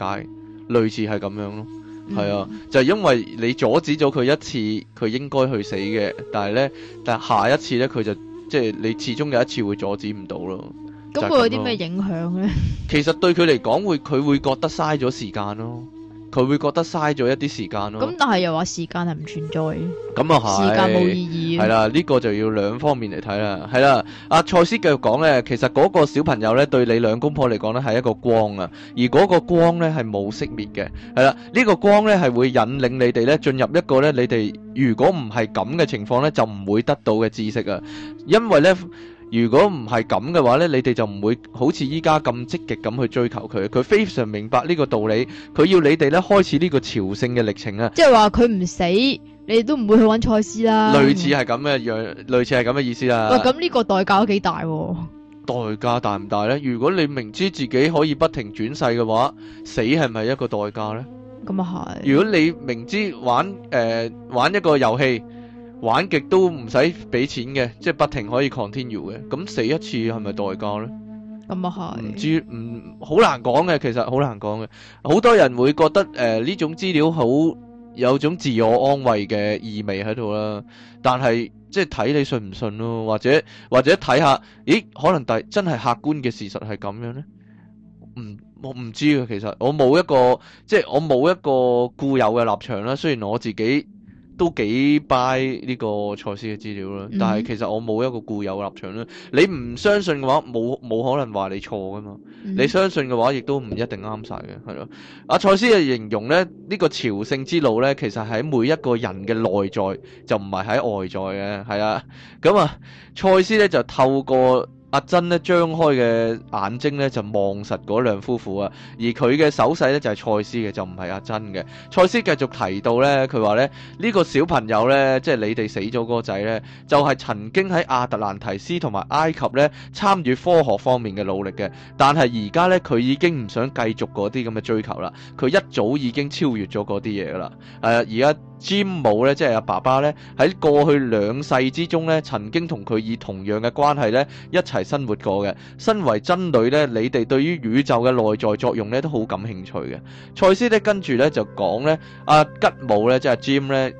類似係咁樣咯，係、mm. 啊，就係，因為你阻止咗佢一次，佢應該去死嘅，但係咧但係下一次咧佢就。即係你始終有一次會阻止唔到咯，咁會有啲咩影響咧？其實對佢嚟講，會佢會覺得嘥咗時間咯。佢會覺得嘥咗一啲時間咯。咁但係又話時間係唔存在。咁啊，係，時間冇意義。係啦，呢個就要兩方面嚟睇啦。係啦，阿賽斯繼續講咧，其實嗰個小朋友咧對你兩公婆嚟講咧係一個光啊，而嗰個光咧係冇熄滅嘅。係啦，呢個光咧係會引領你哋咧進入一個咧你哋如果唔係咁嘅情況咧就唔會得到嘅知識啊，因為咧。如果唔係咁嘅話咧，你哋就唔會好似依家咁積極咁去追求佢。佢非常明白呢個道理，佢要你哋咧開始呢個朝聖嘅歷程啊！即係話佢唔死，你哋都唔會去揾賽斯啦。類似係咁嘅樣，類似係咁嘅意思啦。喂，咁呢個代價都幾大，代價大唔大咧？如果你明知自己可以不停轉世嘅話，死係咪一個代價咧？咁啊係。如果你明知玩誒玩一個遊戲。玩極都唔使俾錢嘅，即係不停可以 continue 嘅。咁死一次係咪代價呢？咁啊係，唔、嗯、知唔好難講嘅，其實好難講嘅。好多人會覺得呢、呃、種資料好有種自我安慰嘅意味喺度啦。但係即係睇你信唔信咯、啊，或者或者睇下，咦？可能第真係客觀嘅事實係咁樣呢？唔我唔知嘅，其實我冇一個即係我冇一個固有嘅立場啦。雖然我自己。都幾 buy 呢個賽斯嘅資料啦，但係其實我冇一個固有立場啦。你唔相信嘅話，冇冇可能話你錯㗎嘛，嗯？你相信嘅話，亦都唔一定啱晒嘅，係咯。阿賽斯嘅形容咧，呢、這個朝聖之路咧，其實喺每一個人嘅內在，就唔係喺外在嘅，係啊。咁、嗯、啊，賽斯咧就透過。阿珍咧張開嘅眼睛咧就望實嗰兩夫婦啊，而佢嘅手勢咧就係賽斯嘅，就唔係阿珍嘅。賽斯繼續提到咧，佢話咧呢個小朋友咧，即係你哋死咗個仔咧，就係、是就是、曾經喺亞特蘭提斯同埋埃及咧參與科學方面嘅努力嘅，但係而家咧佢已經唔想繼續嗰啲咁嘅追求啦，佢一早已經超越咗嗰啲嘢啦。誒，而家詹姆咧，即係阿爸爸咧，喺過去兩世之中咧，曾經同佢以同樣嘅關係咧一齊生活過嘅，身為真女咧，你哋對於宇宙嘅內在作用咧都好感興趣嘅。賽斯咧跟住咧就講咧，阿、啊、吉姆咧即係 Jim 咧。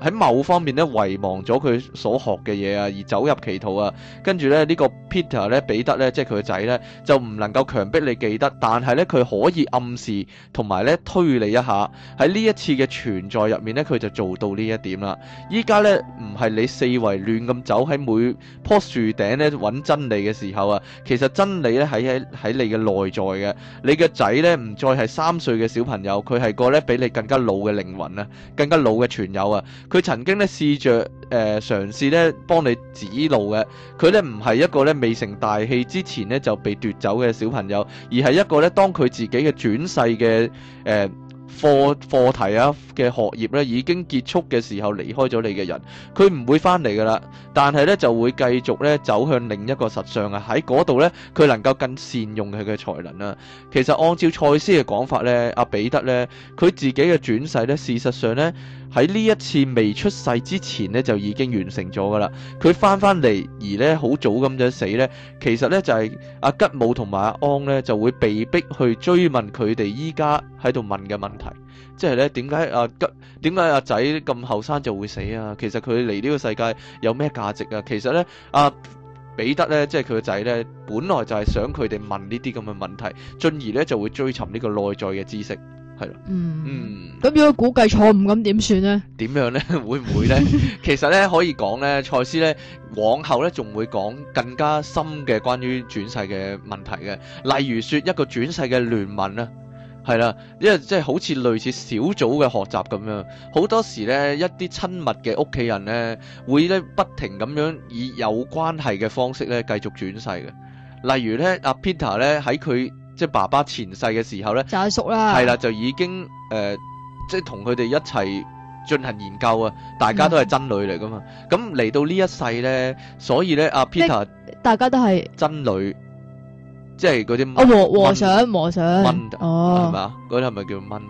喺某方面咧遺忘咗佢所學嘅嘢啊，而走入歧途啊，跟住咧呢個 Peter 咧彼得咧，即係佢個仔咧，就唔能夠強迫你記得，但係咧佢可以暗示同埋咧推你一下。喺呢一次嘅存在入面咧，佢就做到呢一點啦。依家咧唔係你四圍亂咁走喺每棵樹頂咧揾真理嘅時候啊，其實真理咧喺喺喺你嘅內在嘅。你嘅仔咧唔再係三歲嘅小朋友，佢係個咧比你更加老嘅靈魂啊，更加老嘅傳友啊。佢曾經咧試着誒、呃、嘗試咧幫你指路嘅，佢咧唔係一個咧未成大器之前咧就被奪走嘅小朋友，而係一個咧當佢自己嘅轉世嘅誒、呃、課課題啊嘅學業咧已經結束嘅時候離開咗你嘅人，佢唔會返嚟㗎喇，但係咧就會繼續咧走向另一個實相啊！喺嗰度咧，佢能夠更善用佢嘅才能啦。其實按照賽斯嘅講法咧，阿、啊、彼得咧佢自己嘅轉世咧，事實上咧，喺呢一次未出世之前咧，就已經完成咗㗎喇。佢返返嚟而咧，好早咁樣死咧，其實咧就係阿吉姆同埋阿安咧就會被逼去追問佢哋而家喺度問嘅問題，即係咧點解阿吉，點解阿仔咁後生就會死呀？其實佢嚟呢個世界有咩價值呀？其實咧阿彼得咧即係佢個仔咧，本來就係想佢哋問呢啲咁嘅問題，進而咧就會追尋呢個內在嘅知識。係咯，嗯，咁、嗯、如果估計錯誤咁點算呢？點樣呢？會唔會呢？ 其實呢，可以講呢，賽斯呢，往後呢，仲會講更加深嘅關於轉世嘅問題嘅，例如說一個轉世嘅聯盟啊。係啦，因為即係好似類似小組嘅學習咁樣，好多時呢，一啲親密嘅屋企人呢，會咧不停咁樣以有關係嘅方式呢繼續轉世嘅，例如呢，阿 Peter 呢，喺佢。即係爸爸前世嘅時候咧，就阿叔啦，係啦，就已經誒，即係同佢哋一齊進行研究啊！大家都係真女嚟噶嘛？咁嚟到呢一世咧，所以咧，阿 Peter，大家都係真女，即係嗰啲阿和尚、和尚，蚊哦，係嘛？嗰啲係咪叫蚊？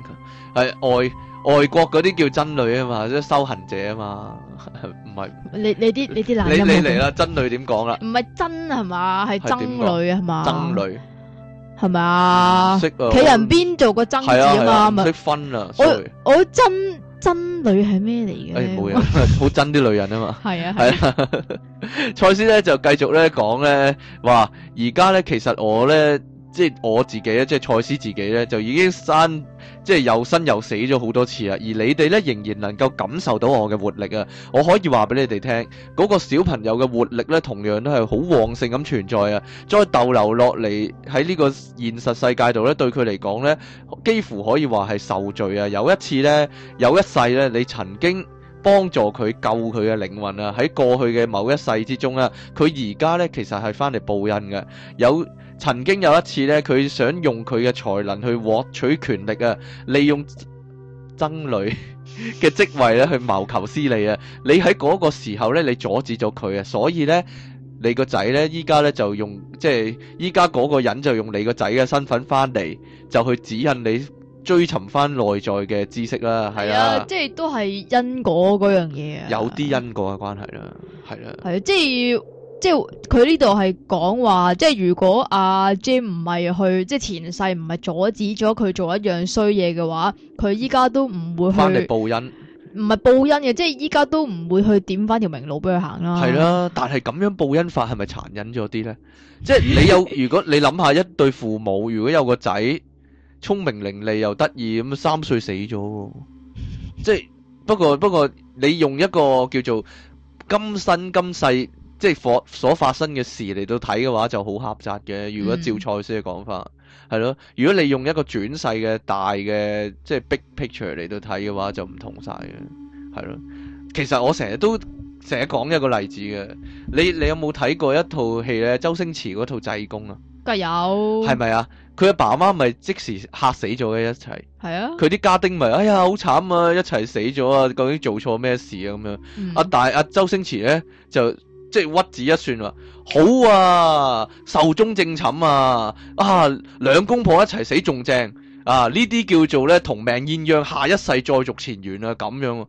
係外外國嗰啲叫真女啊嘛，即係修行者啊嘛，唔係你你啲你啲男。你你嚟啦，真女點講啦？唔係真係嘛，係真女係嘛？真女。係咪啊？企人邊做個爭子啊嘛？識分啊！啊分我我真，真女係咩嚟嘅？誒、哎，冇嘢，好 憎啲女人啊嘛。係啊係啊！是啊是啊 賽斯咧就繼續咧講咧，哇！而家咧其實我咧。即係我自己咧，即係賽斯自己咧，就已經生即係又生又死咗好多次啦。而你哋咧，仍然能夠感受到我嘅活力啊！我可以話俾你哋聽，嗰個小朋友嘅活力咧，同樣都係好旺盛咁存在啊！再逗留落嚟喺呢個現實世界度咧，對佢嚟講咧，幾乎可以話係受罪啊！有一次咧，有一世咧，你曾經幫助佢救佢嘅靈魂啊，喺過去嘅某一世之中啊，佢而家咧其實係翻嚟報恩嘅有。曾經有一次咧，佢想用佢嘅才能去獲取權力啊，利用僧侶嘅職位咧去謀求私利啊！你喺嗰個時候咧，你阻止咗佢啊，所以咧，你個仔咧依家咧就用即係依家嗰個人就用你個仔嘅身份翻嚟，就去指引你追尋翻內在嘅知識啦、啊，係啦、啊啊，即係都係因果嗰樣嘢啊，有啲因果嘅關係啦，係啦，係啊，啊啊即係。即係佢呢度係講話，即係如果阿 J 唔係去，即係前世唔係阻止咗佢做一樣衰嘢嘅話，佢依家都唔會去翻嚟報恩，唔係報恩嘅，即係依家都唔會去點翻條明路俾佢行啦。係啦、啊，但係咁樣報恩法係咪殘忍咗啲咧？ 即係你有，如果你諗下一對父母，如果有個仔聰明伶俐又得意咁，三歲死咗，即係不過不過你用一個叫做今生今世。即係所發生嘅事嚟到睇嘅話就好狹窄嘅。如果照賽斯嘅講法，係、嗯、咯。如果你用一個轉世嘅大嘅即係 big picture 嚟到睇嘅話就不，就唔同晒嘅。係咯。其實我成日都成日講一個例子嘅。你你有冇睇過一套戲咧？周星馳嗰套《濟公》啊？梗係有。係咪啊？佢阿爸媽咪即時嚇死咗嘅一齊。係啊。佢啲家丁咪、就是、哎呀好慘啊！一齊死咗啊！究竟做錯咩事啊咁樣？阿、嗯啊、大阿、啊、周星馳咧就。即係屈指一算啦，好啊，壽終正寢啊，啊，兩公婆一齊死仲正啊，呢啲叫做咧同命鴛鴦，下一世再續前緣啊，咁樣。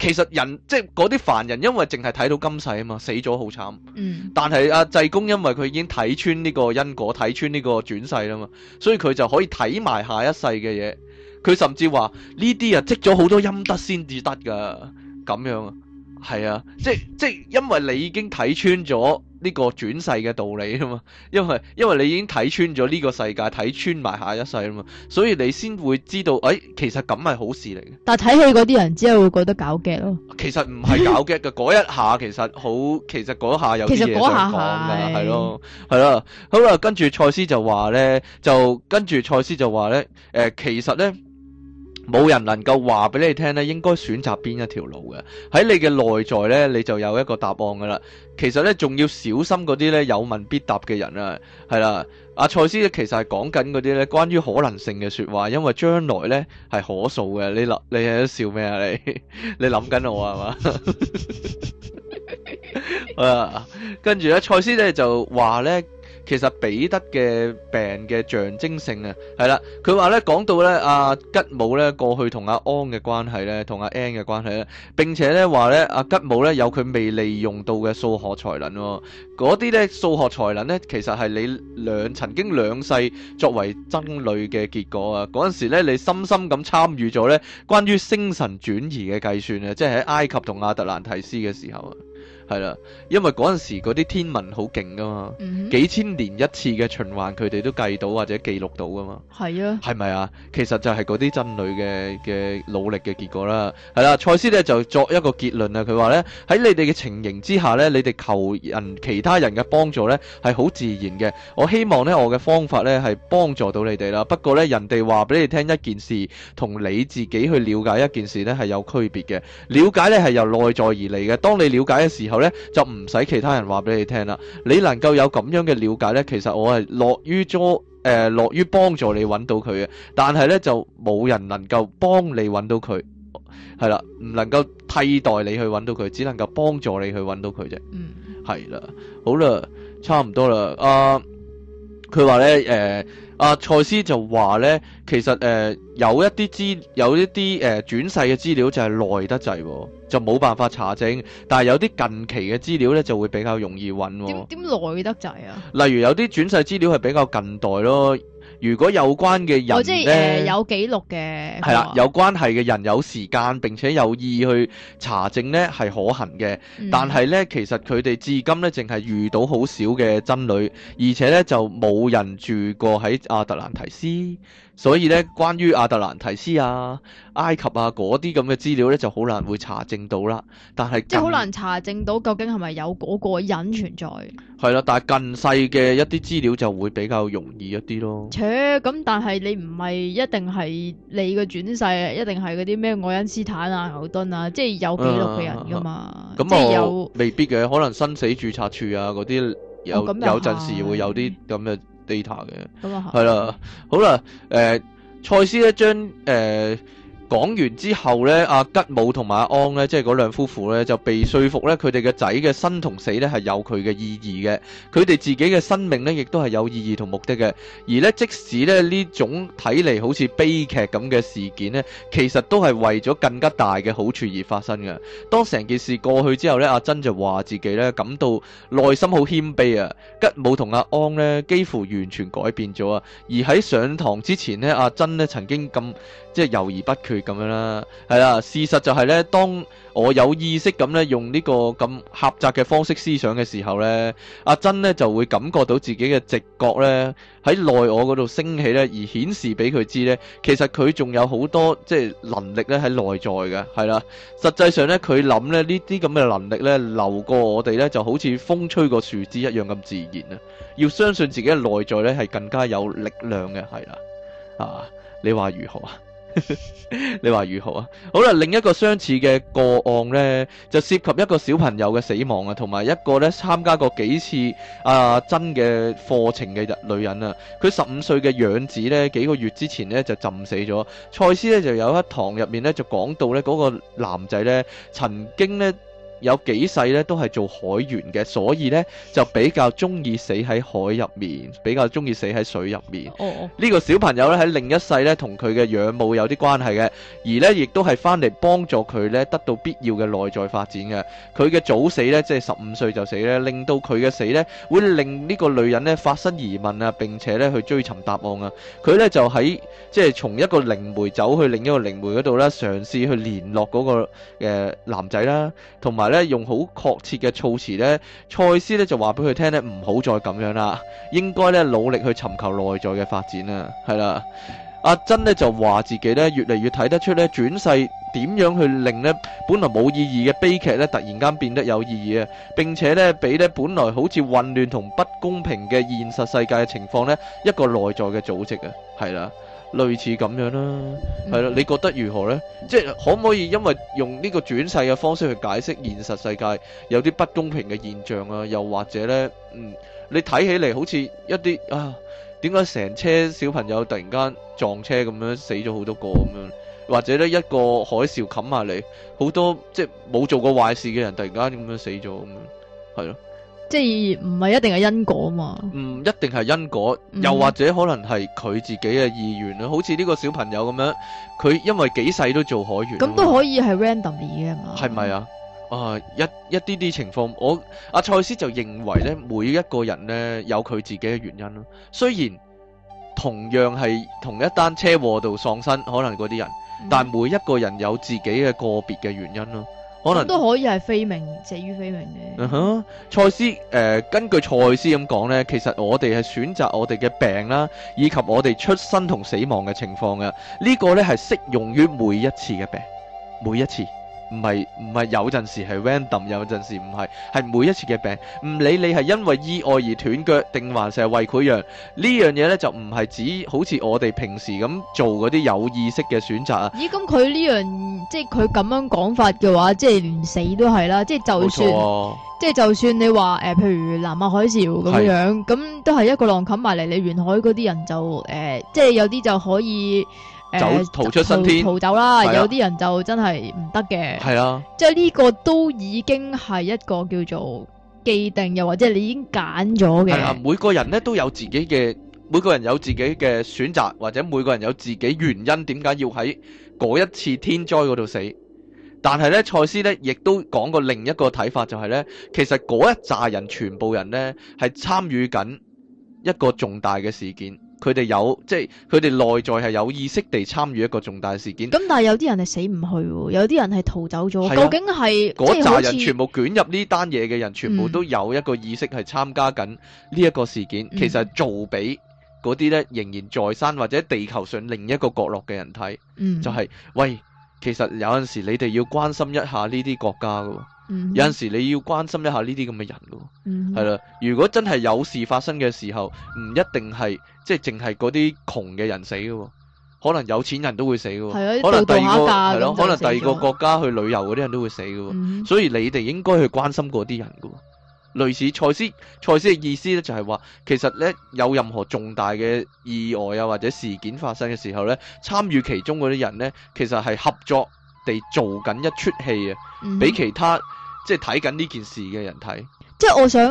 其實人即係嗰啲凡人，因為淨係睇到今世啊嘛，死咗好慘。嗯，但係阿、啊、濟公因為佢已經睇穿呢個因果，睇穿呢個轉世啦嘛，所以佢就可以睇埋下一世嘅嘢。佢甚至話呢啲啊積咗好多陰德先至得噶，咁樣。係啊，即係即係，因為你已經睇穿咗呢個轉世嘅道理啊嘛，因為因為你已經睇穿咗呢個世界，睇穿埋下一世啊嘛，所以你先會知道，誒、哎，其實咁係好事嚟嘅。但係睇戲嗰啲人只係會覺得搞笑咯。其實唔係搞笑嘅，噶 嗰一下其實好，其實嗰一下有嘢就講噶啦，係咯、啊，係啦、啊啊、好啦、啊，跟住賽斯就話咧，就跟住賽斯就話咧，誒、呃，其實咧。冇人能夠話俾你聽咧，應該選擇邊一條路嘅？喺你嘅內在咧，你就有一個答案噶啦。其實咧，仲要小心嗰啲咧，有問必答嘅人的啊，係啦。阿賽斯其實係講緊嗰啲咧關於可能性嘅説話，因為將來咧係可數嘅。你諗你喺度笑咩啊？你你諗緊我係嘛？啊， 跟住咧，賽斯咧就話咧。其實彼得嘅病嘅象徵性了他說啊，係啦，佢話咧講到咧阿吉姆咧過去同阿、啊、安嘅關係咧，同阿、啊、N 嘅關係咧，並且咧話咧阿吉姆咧有佢未利用到嘅數學才能喎、哦，嗰啲咧數學才能咧其實係你兩曾經兩世作為僧侶嘅結果啊，嗰陣時咧你深深咁參與咗咧關於星神轉移嘅計算啊，即係喺埃及同亞特蘭提斯嘅時候啊。係啦，因為嗰陣時嗰啲天文好勁噶嘛、嗯，幾千年一次嘅循環佢哋都計到或者記錄到噶嘛，係啊，係咪啊？其實就係嗰啲僧侶嘅嘅努力嘅結果啦。係啦，賽斯咧就作一個結論啊，佢話咧喺你哋嘅情形之下咧，你哋求人其他人嘅幫助咧係好自然嘅。我希望咧我嘅方法咧係幫助到你哋啦。不過咧人哋話俾你聽一件事，同你自己去了解一件事咧係有區別嘅。了解咧係由內在而嚟嘅，當你了解嘅時候。咧就唔使其他人話俾你聽啦，你能夠有咁樣嘅了解呢，其實我係樂於助誒，樂於幫助你揾到佢嘅。但係呢就冇人能夠幫你揾到佢，係啦，唔能夠替代你去揾到佢，只能夠幫助你去揾到佢啫。嗯，係啦，好啦，差唔多啦。啊，佢話呢誒。啊，賽斯就話呢，其實誒、呃、有一啲資有一啲誒、呃、轉世嘅資料就係耐得滯，就冇辦法查證。但係有啲近期嘅資料呢，就會比較容易揾。點點耐得滯啊？例如有啲轉世資料係比較近代咯。如果有關嘅人，即係呃、有記錄嘅啦，有關係嘅人有時間並且有意去查證呢，係可行嘅，嗯。但係呢，其實佢哋至今呢淨係遇到好少嘅真女，而且呢就冇人住過喺阿特蘭提斯。所以咧，關於亞特蘭提斯啊、埃及啊嗰啲咁嘅資料咧，就好難會查證到啦。但係即係好難查證到，究竟係咪有嗰個人存在？係啦，但係近世嘅一啲資料就會比較容易一啲咯。切、嗯，咁但係你唔係一定係你嘅轉世，一定係嗰啲咩愛因斯坦啊、牛頓啊，即係有記錄嘅人噶嘛？即、嗯、係、嗯嗯嗯就係、有我未必嘅，可能生死註冊處啊嗰啲、嗯嗯嗯嗯，有有陣時會有啲咁嘅。data 嘅，係啦，好啦，誒、呃、賽斯咧將誒。講完之後呢，阿吉姆同埋阿安呢，即係嗰兩夫婦呢，就被說服呢佢哋嘅仔嘅生同死呢，係有佢嘅意義嘅，佢哋自己嘅生命呢，亦都係有意義同目的嘅，而呢，即使呢呢種睇嚟，好似悲劇咁嘅事件呢，其實都係為咗更加大嘅好處而發生嘅。當成件事過去之後呢，阿珍就話自己呢，感到內心好謙卑啊。吉姆同阿安呢，幾乎完全改變咗啊，而喺上堂之前呢，阿珍呢曾經咁。即係猶豫不決咁樣啦，係啦。事實就係、是、咧，當我有意識咁咧用呢個咁狹窄嘅方式思想嘅時候咧，阿珍咧就會感覺到自己嘅直覺咧喺內我嗰度升起咧，而顯示俾佢知咧，其實佢仲有好多即係、就是、能力咧喺內在嘅，係啦。實際上咧，佢諗咧呢啲咁嘅能力咧流過我哋咧就好似風吹過樹枝一樣咁自然啊！要相信自己嘅內在咧係更加有力量嘅，係啦，啊，你話如何啊？ 你話如何啊？好啦，另一個相似嘅個案呢，就涉及一個小朋友嘅死亡啊，同埋一個咧參加過幾次啊真嘅課程嘅女人啊，佢十五歲嘅養子呢，幾個月之前呢就浸死咗。賽斯咧就有一堂入面咧就講到咧，嗰、個男仔呢曾經呢。有幾世咧都係做海員嘅，所以咧就比較中意死喺海入面，比較中意死喺水入面。哦哦，呢個小朋友咧喺另一世咧同佢嘅養母有啲關係嘅，而咧亦都係翻嚟幫助佢咧得到必要嘅內在發展嘅。佢嘅早死咧即係十五歲就死咧，令到佢嘅死咧會令呢個女人咧發生疑問啊，並且咧去追尋答案啊。佢咧就喺即係從一個靈媒走去另一個靈媒嗰度咧，嘗試去聯絡嗰個誒男仔啦，同埋。咧用好確切嘅措辭咧，賽斯咧就話俾佢聽咧，唔好再咁樣啦，應該咧努力去尋求內在嘅發展啊。係啦，阿珍咧就話自己咧越嚟越睇得出咧轉世點樣去令咧本來冇意義嘅悲劇咧突然間變得有意義啊，並且咧俾咧本來好似混亂同不公平嘅現實世界嘅情況咧一個內在嘅組織啊。係啦。類似咁樣啦、啊，係啦，你覺得如何呢？即係可唔可以因為用呢個轉世嘅方式去解釋現實世界有啲不公平嘅現象啊？又或者呢？嗯，你睇起嚟好似一啲啊，點解成車小朋友突然間撞車咁樣死咗好多個咁樣，或者呢，一個海嘯冚下嚟，好多即係冇做過壞事嘅人突然間咁樣死咗咁樣，係咯？即係唔係一定係因果啊嘛？唔一定係因果、嗯，又或者可能係佢自己嘅意願，好似呢個小朋友咁樣，佢因為幾世都做海員。咁都可以係 randomly 嘛？係咪啊？啊，一一啲啲情況，我阿賽、啊、斯就認為呢，每一個人呢，有佢自己嘅原因咯。雖然同樣係同一單車禍度喪生，可能嗰啲人、嗯，但每一個人有自己嘅個別嘅原因咯。可能都可以係非命，死於非命咧。嗯哼，賽斯，誒、呃，根據賽斯咁講咧，其實我哋係選擇我哋嘅病啦，以及我哋出生同死亡嘅情況嘅，這個、呢個咧係適用於每一次嘅病，每一次。唔係唔係，有陣時係 random，有陣時唔係，係每一次嘅病，唔理你係因為意外而斷腳，定還是係胃潰瘍呢樣嘢咧，就唔係指好似我哋平時咁做嗰啲有意識嘅選擇啊！咦，咁佢呢樣即係佢咁樣講法嘅話，即係連死都係啦，即係就算、啊、即係就算你話、呃、譬如南亞海嘯咁樣，咁都係一個浪冚埋嚟，你沿海嗰啲人就、呃、即係有啲就可以。走逃，逃出生天逃，逃走啦！啊、有啲人就真係唔得嘅，係啊，即係呢個都已經係一個叫做既定，又或者你已經揀咗嘅。係啊，每個人咧都有自己嘅，每個人有自己嘅選擇，或者每個人有自己原因，點解要喺嗰一次天災嗰度死？但係咧，賽斯咧亦都講過另一個睇法，就係咧，其實嗰一紮人全部人咧係參與緊一個重大嘅事件。佢哋有，即係佢哋內在係有意識地參與一個重大事件。咁但係有啲人係死唔去喎，有啲人係逃走咗、啊。究竟係嗰扎人全部捲入呢單嘢嘅人，全部都有一個意識係參加緊呢一個事件。嗯、其實做俾嗰啲咧仍然在生或者地球上另一個角落嘅人睇、嗯，就係、是、喂。其實有陣時你哋要關心一下呢啲國家噶、嗯，有陣時你要關心一下呢啲咁嘅人噶，係、嗯、啦。如果真係有事發生嘅時候，唔一定係即係淨係嗰啲窮嘅人死噶，可能有錢人都會死噶，可能第二個係咯，可能第二個國家去旅遊嗰啲人都會死噶、嗯，所以你哋應該去關心嗰啲人噶。類似賽斯賽斯嘅意思咧，就係話，其實咧有任何重大嘅意外啊，或者事件發生嘅時候咧，參與其中嗰啲人咧，其實係合作地做緊一出戲啊，俾、嗯、其他即係睇緊呢件事嘅人睇。即係我想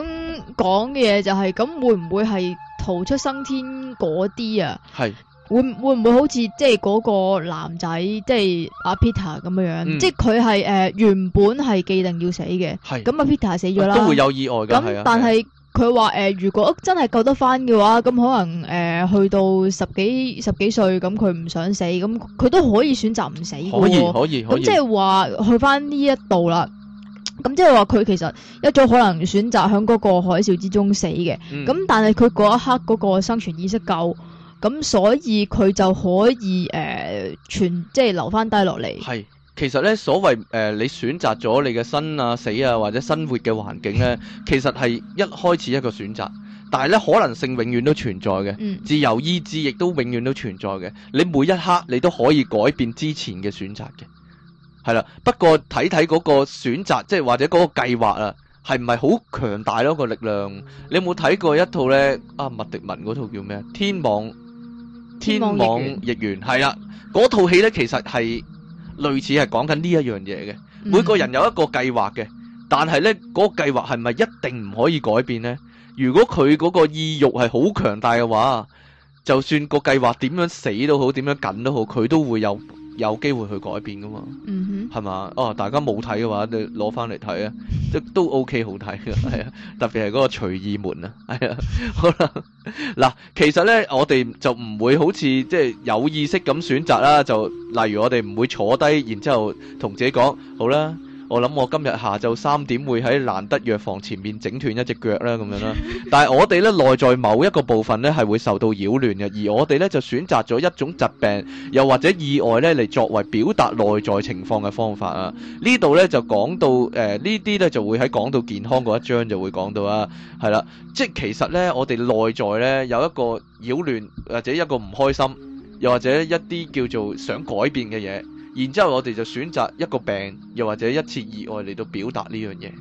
講嘅嘢就係、是，咁會唔會係逃出生天嗰啲啊？係。會會唔會好似即係嗰個男仔，即係阿 Peter 咁樣樣，嗯、即係佢係誒原本係既定要死嘅。咁阿 Peter 死咗啦，啊，都會有意外嘅。咁但係佢話誒，如果真係救得翻嘅話，咁可能誒，呃、去到十幾十幾歲，咁佢唔想死，咁佢都可以選擇唔死嘅。可以可以可以。咁即係話去翻呢一度啦。咁即係話佢其實一早可能選擇喺嗰個海嘯之中死嘅。咁，嗯、但係佢嗰一刻嗰個生存意識夠。咁所以佢就可以誒傳、呃、即係留翻低落嚟。係，其實咧所謂誒、呃、你選擇咗你嘅生啊死啊或者生活嘅環境咧， 其實係一開始一個選擇，但係咧可能性永遠都存在嘅、嗯。自由意志亦都永遠都存在嘅。你每一刻你都可以改變之前嘅選擇嘅，係啦。不過睇睇嗰個選擇即係或者嗰個計劃啊，係唔係好強大咯、嗰個力量？你有冇睇過一套咧？啊麥迪文嗰套叫咩？天網。天網亦緣係啦，嗰套戲呢，其實係類似係講緊呢一樣嘢嘅，每個人有一個計劃嘅，但係呢個計劃係咪一定唔可以改變呢？如果佢嗰個意欲係好強大嘅話，就算個計劃點樣死都好，點樣緊都好，佢都會有。有機會去改變噶嘛，Mm-hmm. 係嘛？哦，大家冇睇嘅話，你攞翻嚟睇啊，即係都 OK 好睇嘅，係啊，特別係嗰個隨意門啊，係啊，好啦，嗱，其實咧，我哋就唔會好似即係有意識咁選擇啦，就例如我哋唔會坐低，然之後同自己講，好啦。我諗我今日下晝三點會喺難得藥房前面整斷一隻腳啦，咁樣啦。但係我哋咧，內在某一個部分咧，係會受到擾亂嘅，而我哋咧，就選擇咗一種疾病，又或者意外咧嚟作為表達內在情況嘅方法啊。呢度咧就講到誒，呃、呢啲咧就會喺講到健康嗰一章就會講到啊。係啦，即係其實咧我哋內在咧有一個擾亂或者一個唔開心，又或者一啲叫做想改變嘅嘢。然之後我哋就選擇一個病，又或者一次意外嚟到，表達呢樣嘢，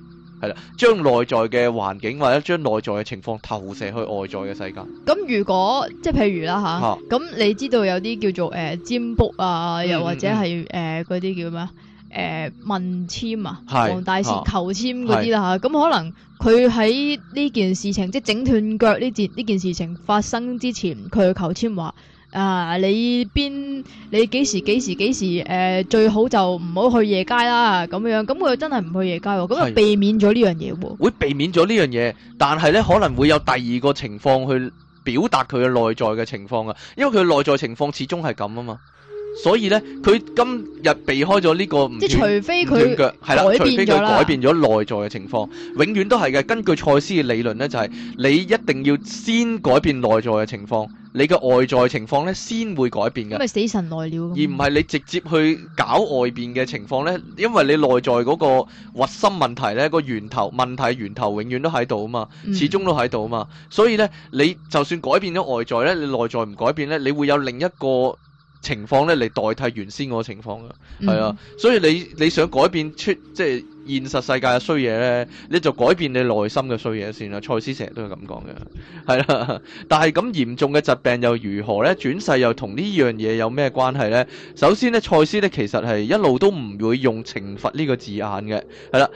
係啦，將內在嘅環境或者將內在嘅情況投射去外在嘅世界。咁如果即係譬如啦吓，咁你知道有啲叫做誒占卜啊，又或者係誒嗰啲叫咩誒問籤啊，黃、嗯、大仙求籤嗰啲啦吓，咁可能佢喺呢件事情即係整斷腳呢件呢件事情發生之前，佢去求籤話。啊！你邊你幾時幾時幾時？誒、呃，最好就唔好去夜街啦。咁樣，咁佢又真係唔去夜街喎。咁啊，避免咗呢樣嘢喎。會避免咗呢樣嘢，但係呢可能會有第二個情況去表達佢嘅內在嘅情況啊。因為佢內在情況始終係咁啊嘛。所以咧，佢今日避開咗呢個，即係除非佢係啦，除非佢改變咗內在嘅情況，永遠都係嘅。根據賽斯嘅理論咧，就係你一定要先改變內在嘅情況，你嘅外在情況咧，先會改變噶。因為死神來了，而唔係你直接去搞外邊嘅情況咧，因為你內在嗰個核心問題咧，個源頭問題源頭永遠都喺度啊嘛，始終都喺度啊嘛。所以咧，你就算改變咗外在咧，你內在唔改變咧，你會有另一個。情況咧嚟代替原先個情況嘅，係啊、嗯，所以你你想改變出即係現實世界嘅衰嘢呢，你就改變你內心嘅衰嘢先啦。賽斯成日都係咁講嘅，係啦。但係咁嚴重嘅疾病又如何呢？轉世又同呢樣嘢有咩關係呢？首先呢，賽斯呢其實係一路都唔會用懲罰呢個字眼嘅，係啦，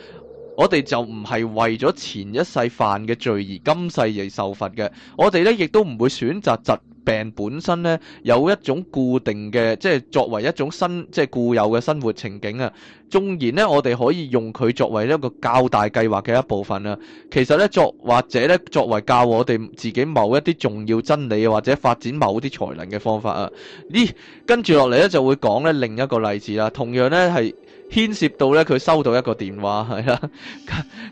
我哋就唔係為咗前一世犯嘅罪而今世而受罰嘅，我哋呢亦都唔會選擇疾病本身咧有一種固定嘅，即係作為一種新即係固有嘅生活情景啊。縱然咧，我哋可以用佢作為一個較大計劃嘅一部分啊。其實咧作或者咧作為教我哋自己某一啲重要真理或者發展某啲才能嘅方法啊。咦呢跟住落嚟咧就會講咧另一個例子啦。同樣咧係牽涉到咧佢收到一個電話係啦。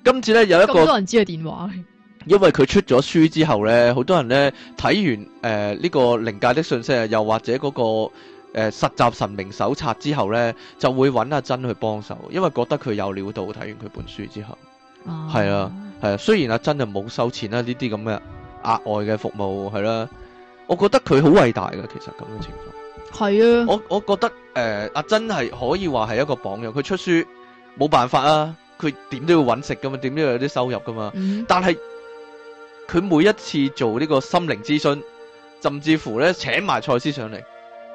今次咧有一個咁多人知嘅因為佢出咗書之後呢，好多人呢睇完誒呢、呃這個靈界的訊息，又或者嗰、那個誒、呃、實習神明手冊之後呢，就會揾阿珍去幫手，因為覺得佢有料到睇完佢本書之後，係啊係啊，啊，雖然阿珍就冇收錢啦，呢啲咁嘅額外嘅服務係啦、啊，我覺得佢好偉大噶，其實咁嘅情況係啊我，我我覺得誒、呃、阿珍係可以話係一個榜樣，佢出書冇辦法啊，佢點都要揾食噶嘛，點都要有啲收入噶嘛，嗯、但係。佢每一次做呢個心靈諮詢，甚至乎咧請埋賽斯上嚟，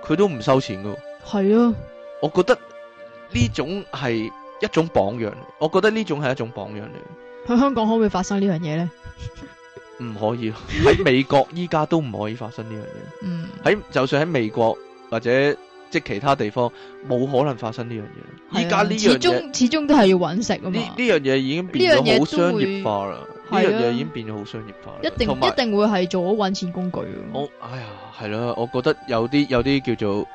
佢都唔收錢噶。係啊，我覺得呢種係一種榜樣。我覺得呢種係一種榜樣嚟。喺香港可唔可以發生這件事呢樣嘢咧？唔 可以，喺美國依家都唔可以發生呢樣嘢。嗯 喺就算喺美國或者即其他地方，冇可能發生呢樣嘢。依家呢樣嘢始終始終都係要揾食啊嘛。呢樣嘢已經變咗好商業化啦。呢樣嘢已經變咗好商業化，一定一定會係做好揾錢工具。我哎呀，係啦，我覺得有啲有啲叫做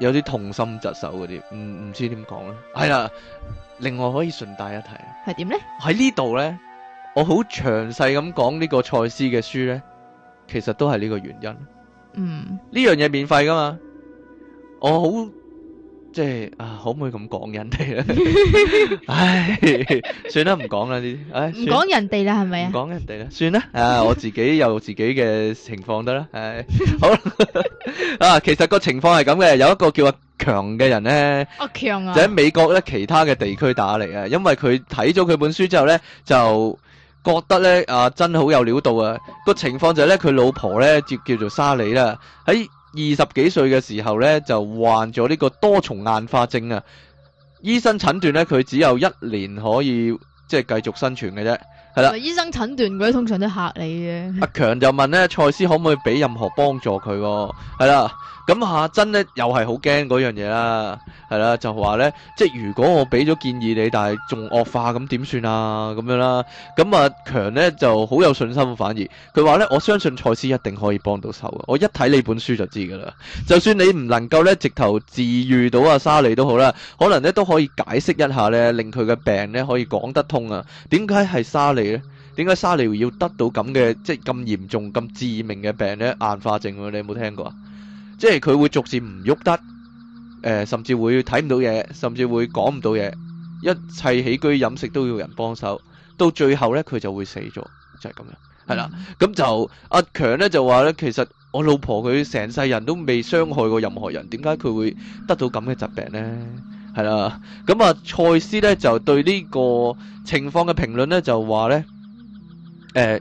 有啲痛心疾首嗰啲，唔唔知點講咧。係啦，另外可以順帶一提，係點咧？喺呢度咧，我好詳細咁講呢個賽斯嘅書咧，其實都係呢個原因。嗯，呢樣嘢免費噶嘛？我好。即係啊，可唔可以咁講人哋咧？唉，算啦，唔講啦呢啲。唉，唔講人哋啦，係咪啊？唔講人哋啦，算啦。啊，我自己有自己嘅情況得啦。唉，好啦。啊，其實個情況係咁嘅，有一個叫阿強嘅人咧，阿強就喺美國咧其他嘅地區打嚟啊。因為佢睇咗佢本書之後咧，就覺得咧啊，真好有料到啊。個情況就係咧，佢老婆咧叫叫做沙莉啦，喺。二十幾歲嘅時候呢，就患咗呢個多重硬化症啊！醫生診斷呢，佢只有一年可以即係繼續生存嘅啫，係啦。是是醫生診斷嗰啲通常都吓你嘅。阿、啊、強就問呢，賽斯可唔可以俾任何幫助佢、哦？係啦。咁下真咧又係好驚嗰樣嘢啦，係啦，就話咧，即係如果我俾咗建議你，但係仲惡化咁點算啊？咁樣啦，咁阿強咧就好有信心，反而佢話咧，我相信賽斯一定可以幫到手，我一睇呢本書就知噶啦，就算你唔能夠咧直頭治愈到阿沙利都好啦，可能咧都可以解釋一下咧，令佢嘅病咧可以講得通啊。點解係沙利咧？點解沙利要得到咁嘅即係咁嚴重咁致命嘅病咧？硬化症，你有冇聽過啊？即係佢會逐漸唔喐得，誒、呃，甚至會睇唔到嘢，甚至會講唔到嘢，一切起居飲食都要人幫手，到最後呢，佢就會死咗，就係、是、咁樣，係啦，咁就阿強呢就話呢，其實我老婆佢成世人都未傷害過任何人，點解佢會得到咁嘅疾病呢？係啦，咁啊，賽斯呢，就對呢個情況嘅評論呢，就話呢，誒、呃，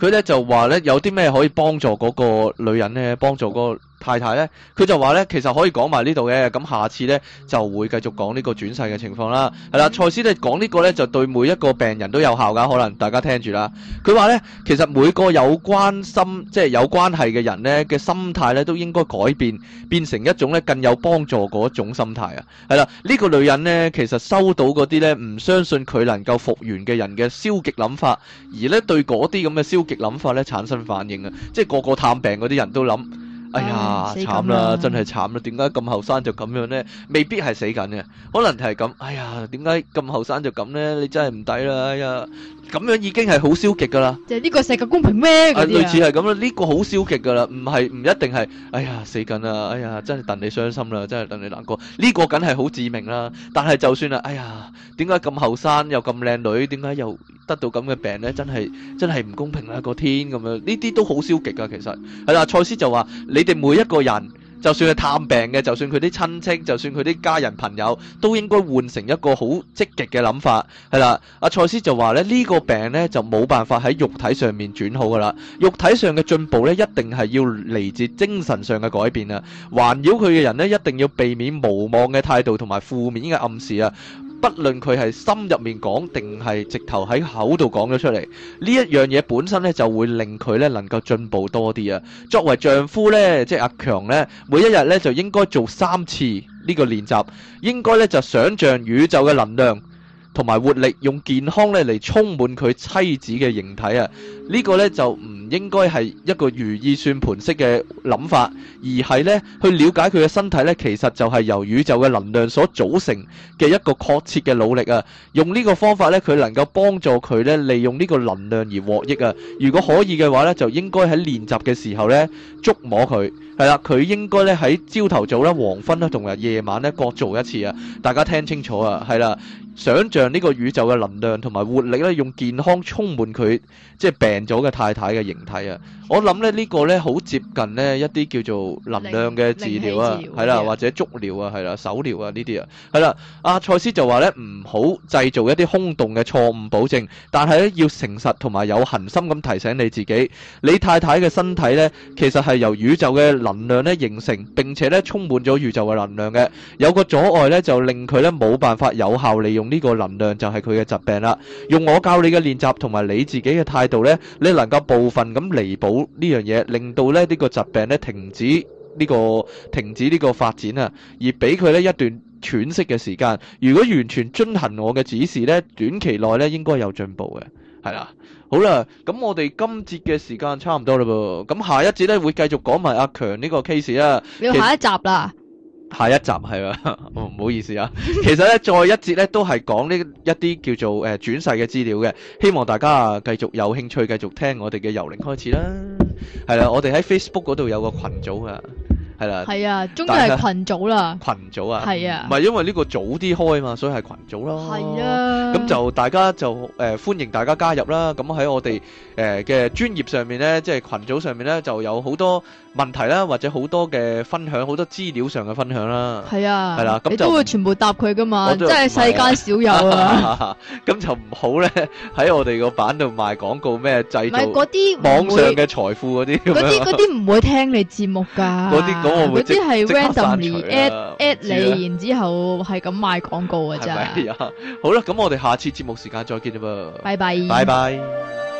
佢呢就話呢，有啲咩可以幫助嗰個女人呢，幫助嗰、那個。太太呢，佢就話呢，其實可以講埋呢度嘅，咁下次呢，就會繼續講呢個轉世嘅情況啦。係啦，賽斯呢講呢個呢，就對每一個病人都有效噶，可能大家聽住啦。佢話呢，其實每個有關心即係有關係嘅人呢嘅心態呢，都應該改變，變成一種呢更有幫助嗰種心態啊。係啦，呢個女人呢，其實收到嗰啲呢唔相信佢能夠復原嘅人嘅消極諗法，而呢對嗰啲咁嘅消極諗法呢產生反應啊，即係個個探病嗰啲人都諗。哎呀，慘啦，真係慘啦！點解咁後生就咁樣呢？未必係死緊嘅，可能係咁。哎呀，點解咁後生就咁呢？你真係唔抵啦！哎呀，咁樣已經係好消極噶啦。就係呢個世界公平咩？啊，類似係咁啦，呢個好消極噶啦，唔係唔一定係。哎呀，死緊啦！哎呀，真係戥你傷心啦，真係戥你難過。呢個梗係好致命啦。但係就算啦，哎呀，點解咁後生又咁靚女？點解又得到咁嘅病呢？真係真係唔公平啦！個天咁樣，呢啲都好消極噶，其實係啦。賽斯就話你。你哋每一個人。就算係探病嘅，就算佢啲親戚，就算佢啲家人朋友，都應該換成一個好積極嘅諗法，係啦。阿賽斯就話咧，呢個病咧就冇辦法喺肉體上面轉好噶啦，肉體上嘅進步咧一定係要嚟自精神上嘅改變啊。環繞佢嘅人咧一定要避免無望嘅態度同埋負面嘅暗示啊，不論佢係心入面講定係直頭喺口度講咗出嚟，呢一樣嘢本身咧就會令佢咧能夠進步多啲啊。作為丈夫咧，即係阿強咧。每一日咧，就應該做三次呢個練習。應該咧，就想象宇宙嘅能量。同埋活力，用健康咧嚟充滿佢妻子嘅形體啊！呢個咧就唔應該係一個如意算盤式嘅諗法，而係咧去了解佢嘅身體咧，其實就係由宇宙嘅能量所組成嘅一個確切嘅努力啊！用呢個方法咧，佢能夠幫助佢咧利用呢個能量而獲益啊！如果可以嘅話咧，就應該喺練習嘅時候咧觸摸佢，係啦，佢應該咧喺朝頭早啦、黃昏啦同埋夜晚咧各做一次啊！大家聽清楚啊，係啦。想象呢個宇宙嘅能量同埋活力咧，用健康充滿佢即係病咗嘅太太嘅形體啊！我諗咧呢、這個咧好接近咧一啲叫做能量嘅治療啊，係啦，或者足療啊，係啦，手療啊，呢啲啊，係啦。阿賽斯就話咧唔好製造一啲空洞嘅錯誤保證，但係咧要誠實同埋有恒心咁提醒你自己，你太太嘅身體咧其實係由宇宙嘅能量咧形成並且咧充滿咗宇宙嘅能量嘅，有個阻礙咧就令佢咧冇辦法有效利用。呢個能量就係佢嘅疾病啦。用我教你嘅練習同埋你自己嘅態度呢，你能夠部分咁彌補呢樣嘢，令到咧呢個疾病咧停止呢個停止呢個發展啊，而俾佢咧一段喘息嘅時間。如果完全遵行我嘅指示呢，短期內咧應該有進步嘅，係啦。好啦，咁我哋今節嘅時間差唔多啦噃，咁下一節呢，會繼續講埋阿強呢個 case 啊。要下一集啦。下一集，係啦，唔好意思啊。其實咧，再一節咧都係講呢一啲叫做誒轉、呃、世嘅資料嘅，希望大家啊繼續有興趣繼續聽我哋嘅由零開始啦。係啦，我哋喺 Facebook 嗰度有個群組啊，係啦，係啊，終於係群組啦、啊，群組啊，係啊，唔係因為呢個早啲開嘛，所以係群組咯，係啊。咁就大家就誒、呃、歡迎大家加入啦。咁喺我哋誒嘅專業上面咧，即、就、係、是、群組上面咧就有好多問題啦，或者好多嘅分享，好多資料上嘅分享啦，係啊，係啦、啊，咁你都會全部答佢噶嘛，真係世間少有啊。咁 就唔好咧喺我哋個版度賣廣告咩制啲網上嘅財富嗰啲，嗰啲啲唔會聽你節目噶，嗰啲嗰我會，啲係 randomly add add 你，然之後係咁賣廣告噶咋。是是啊、 好啦，咁我哋下次節目時間再見咋噃，拜拜，拜拜。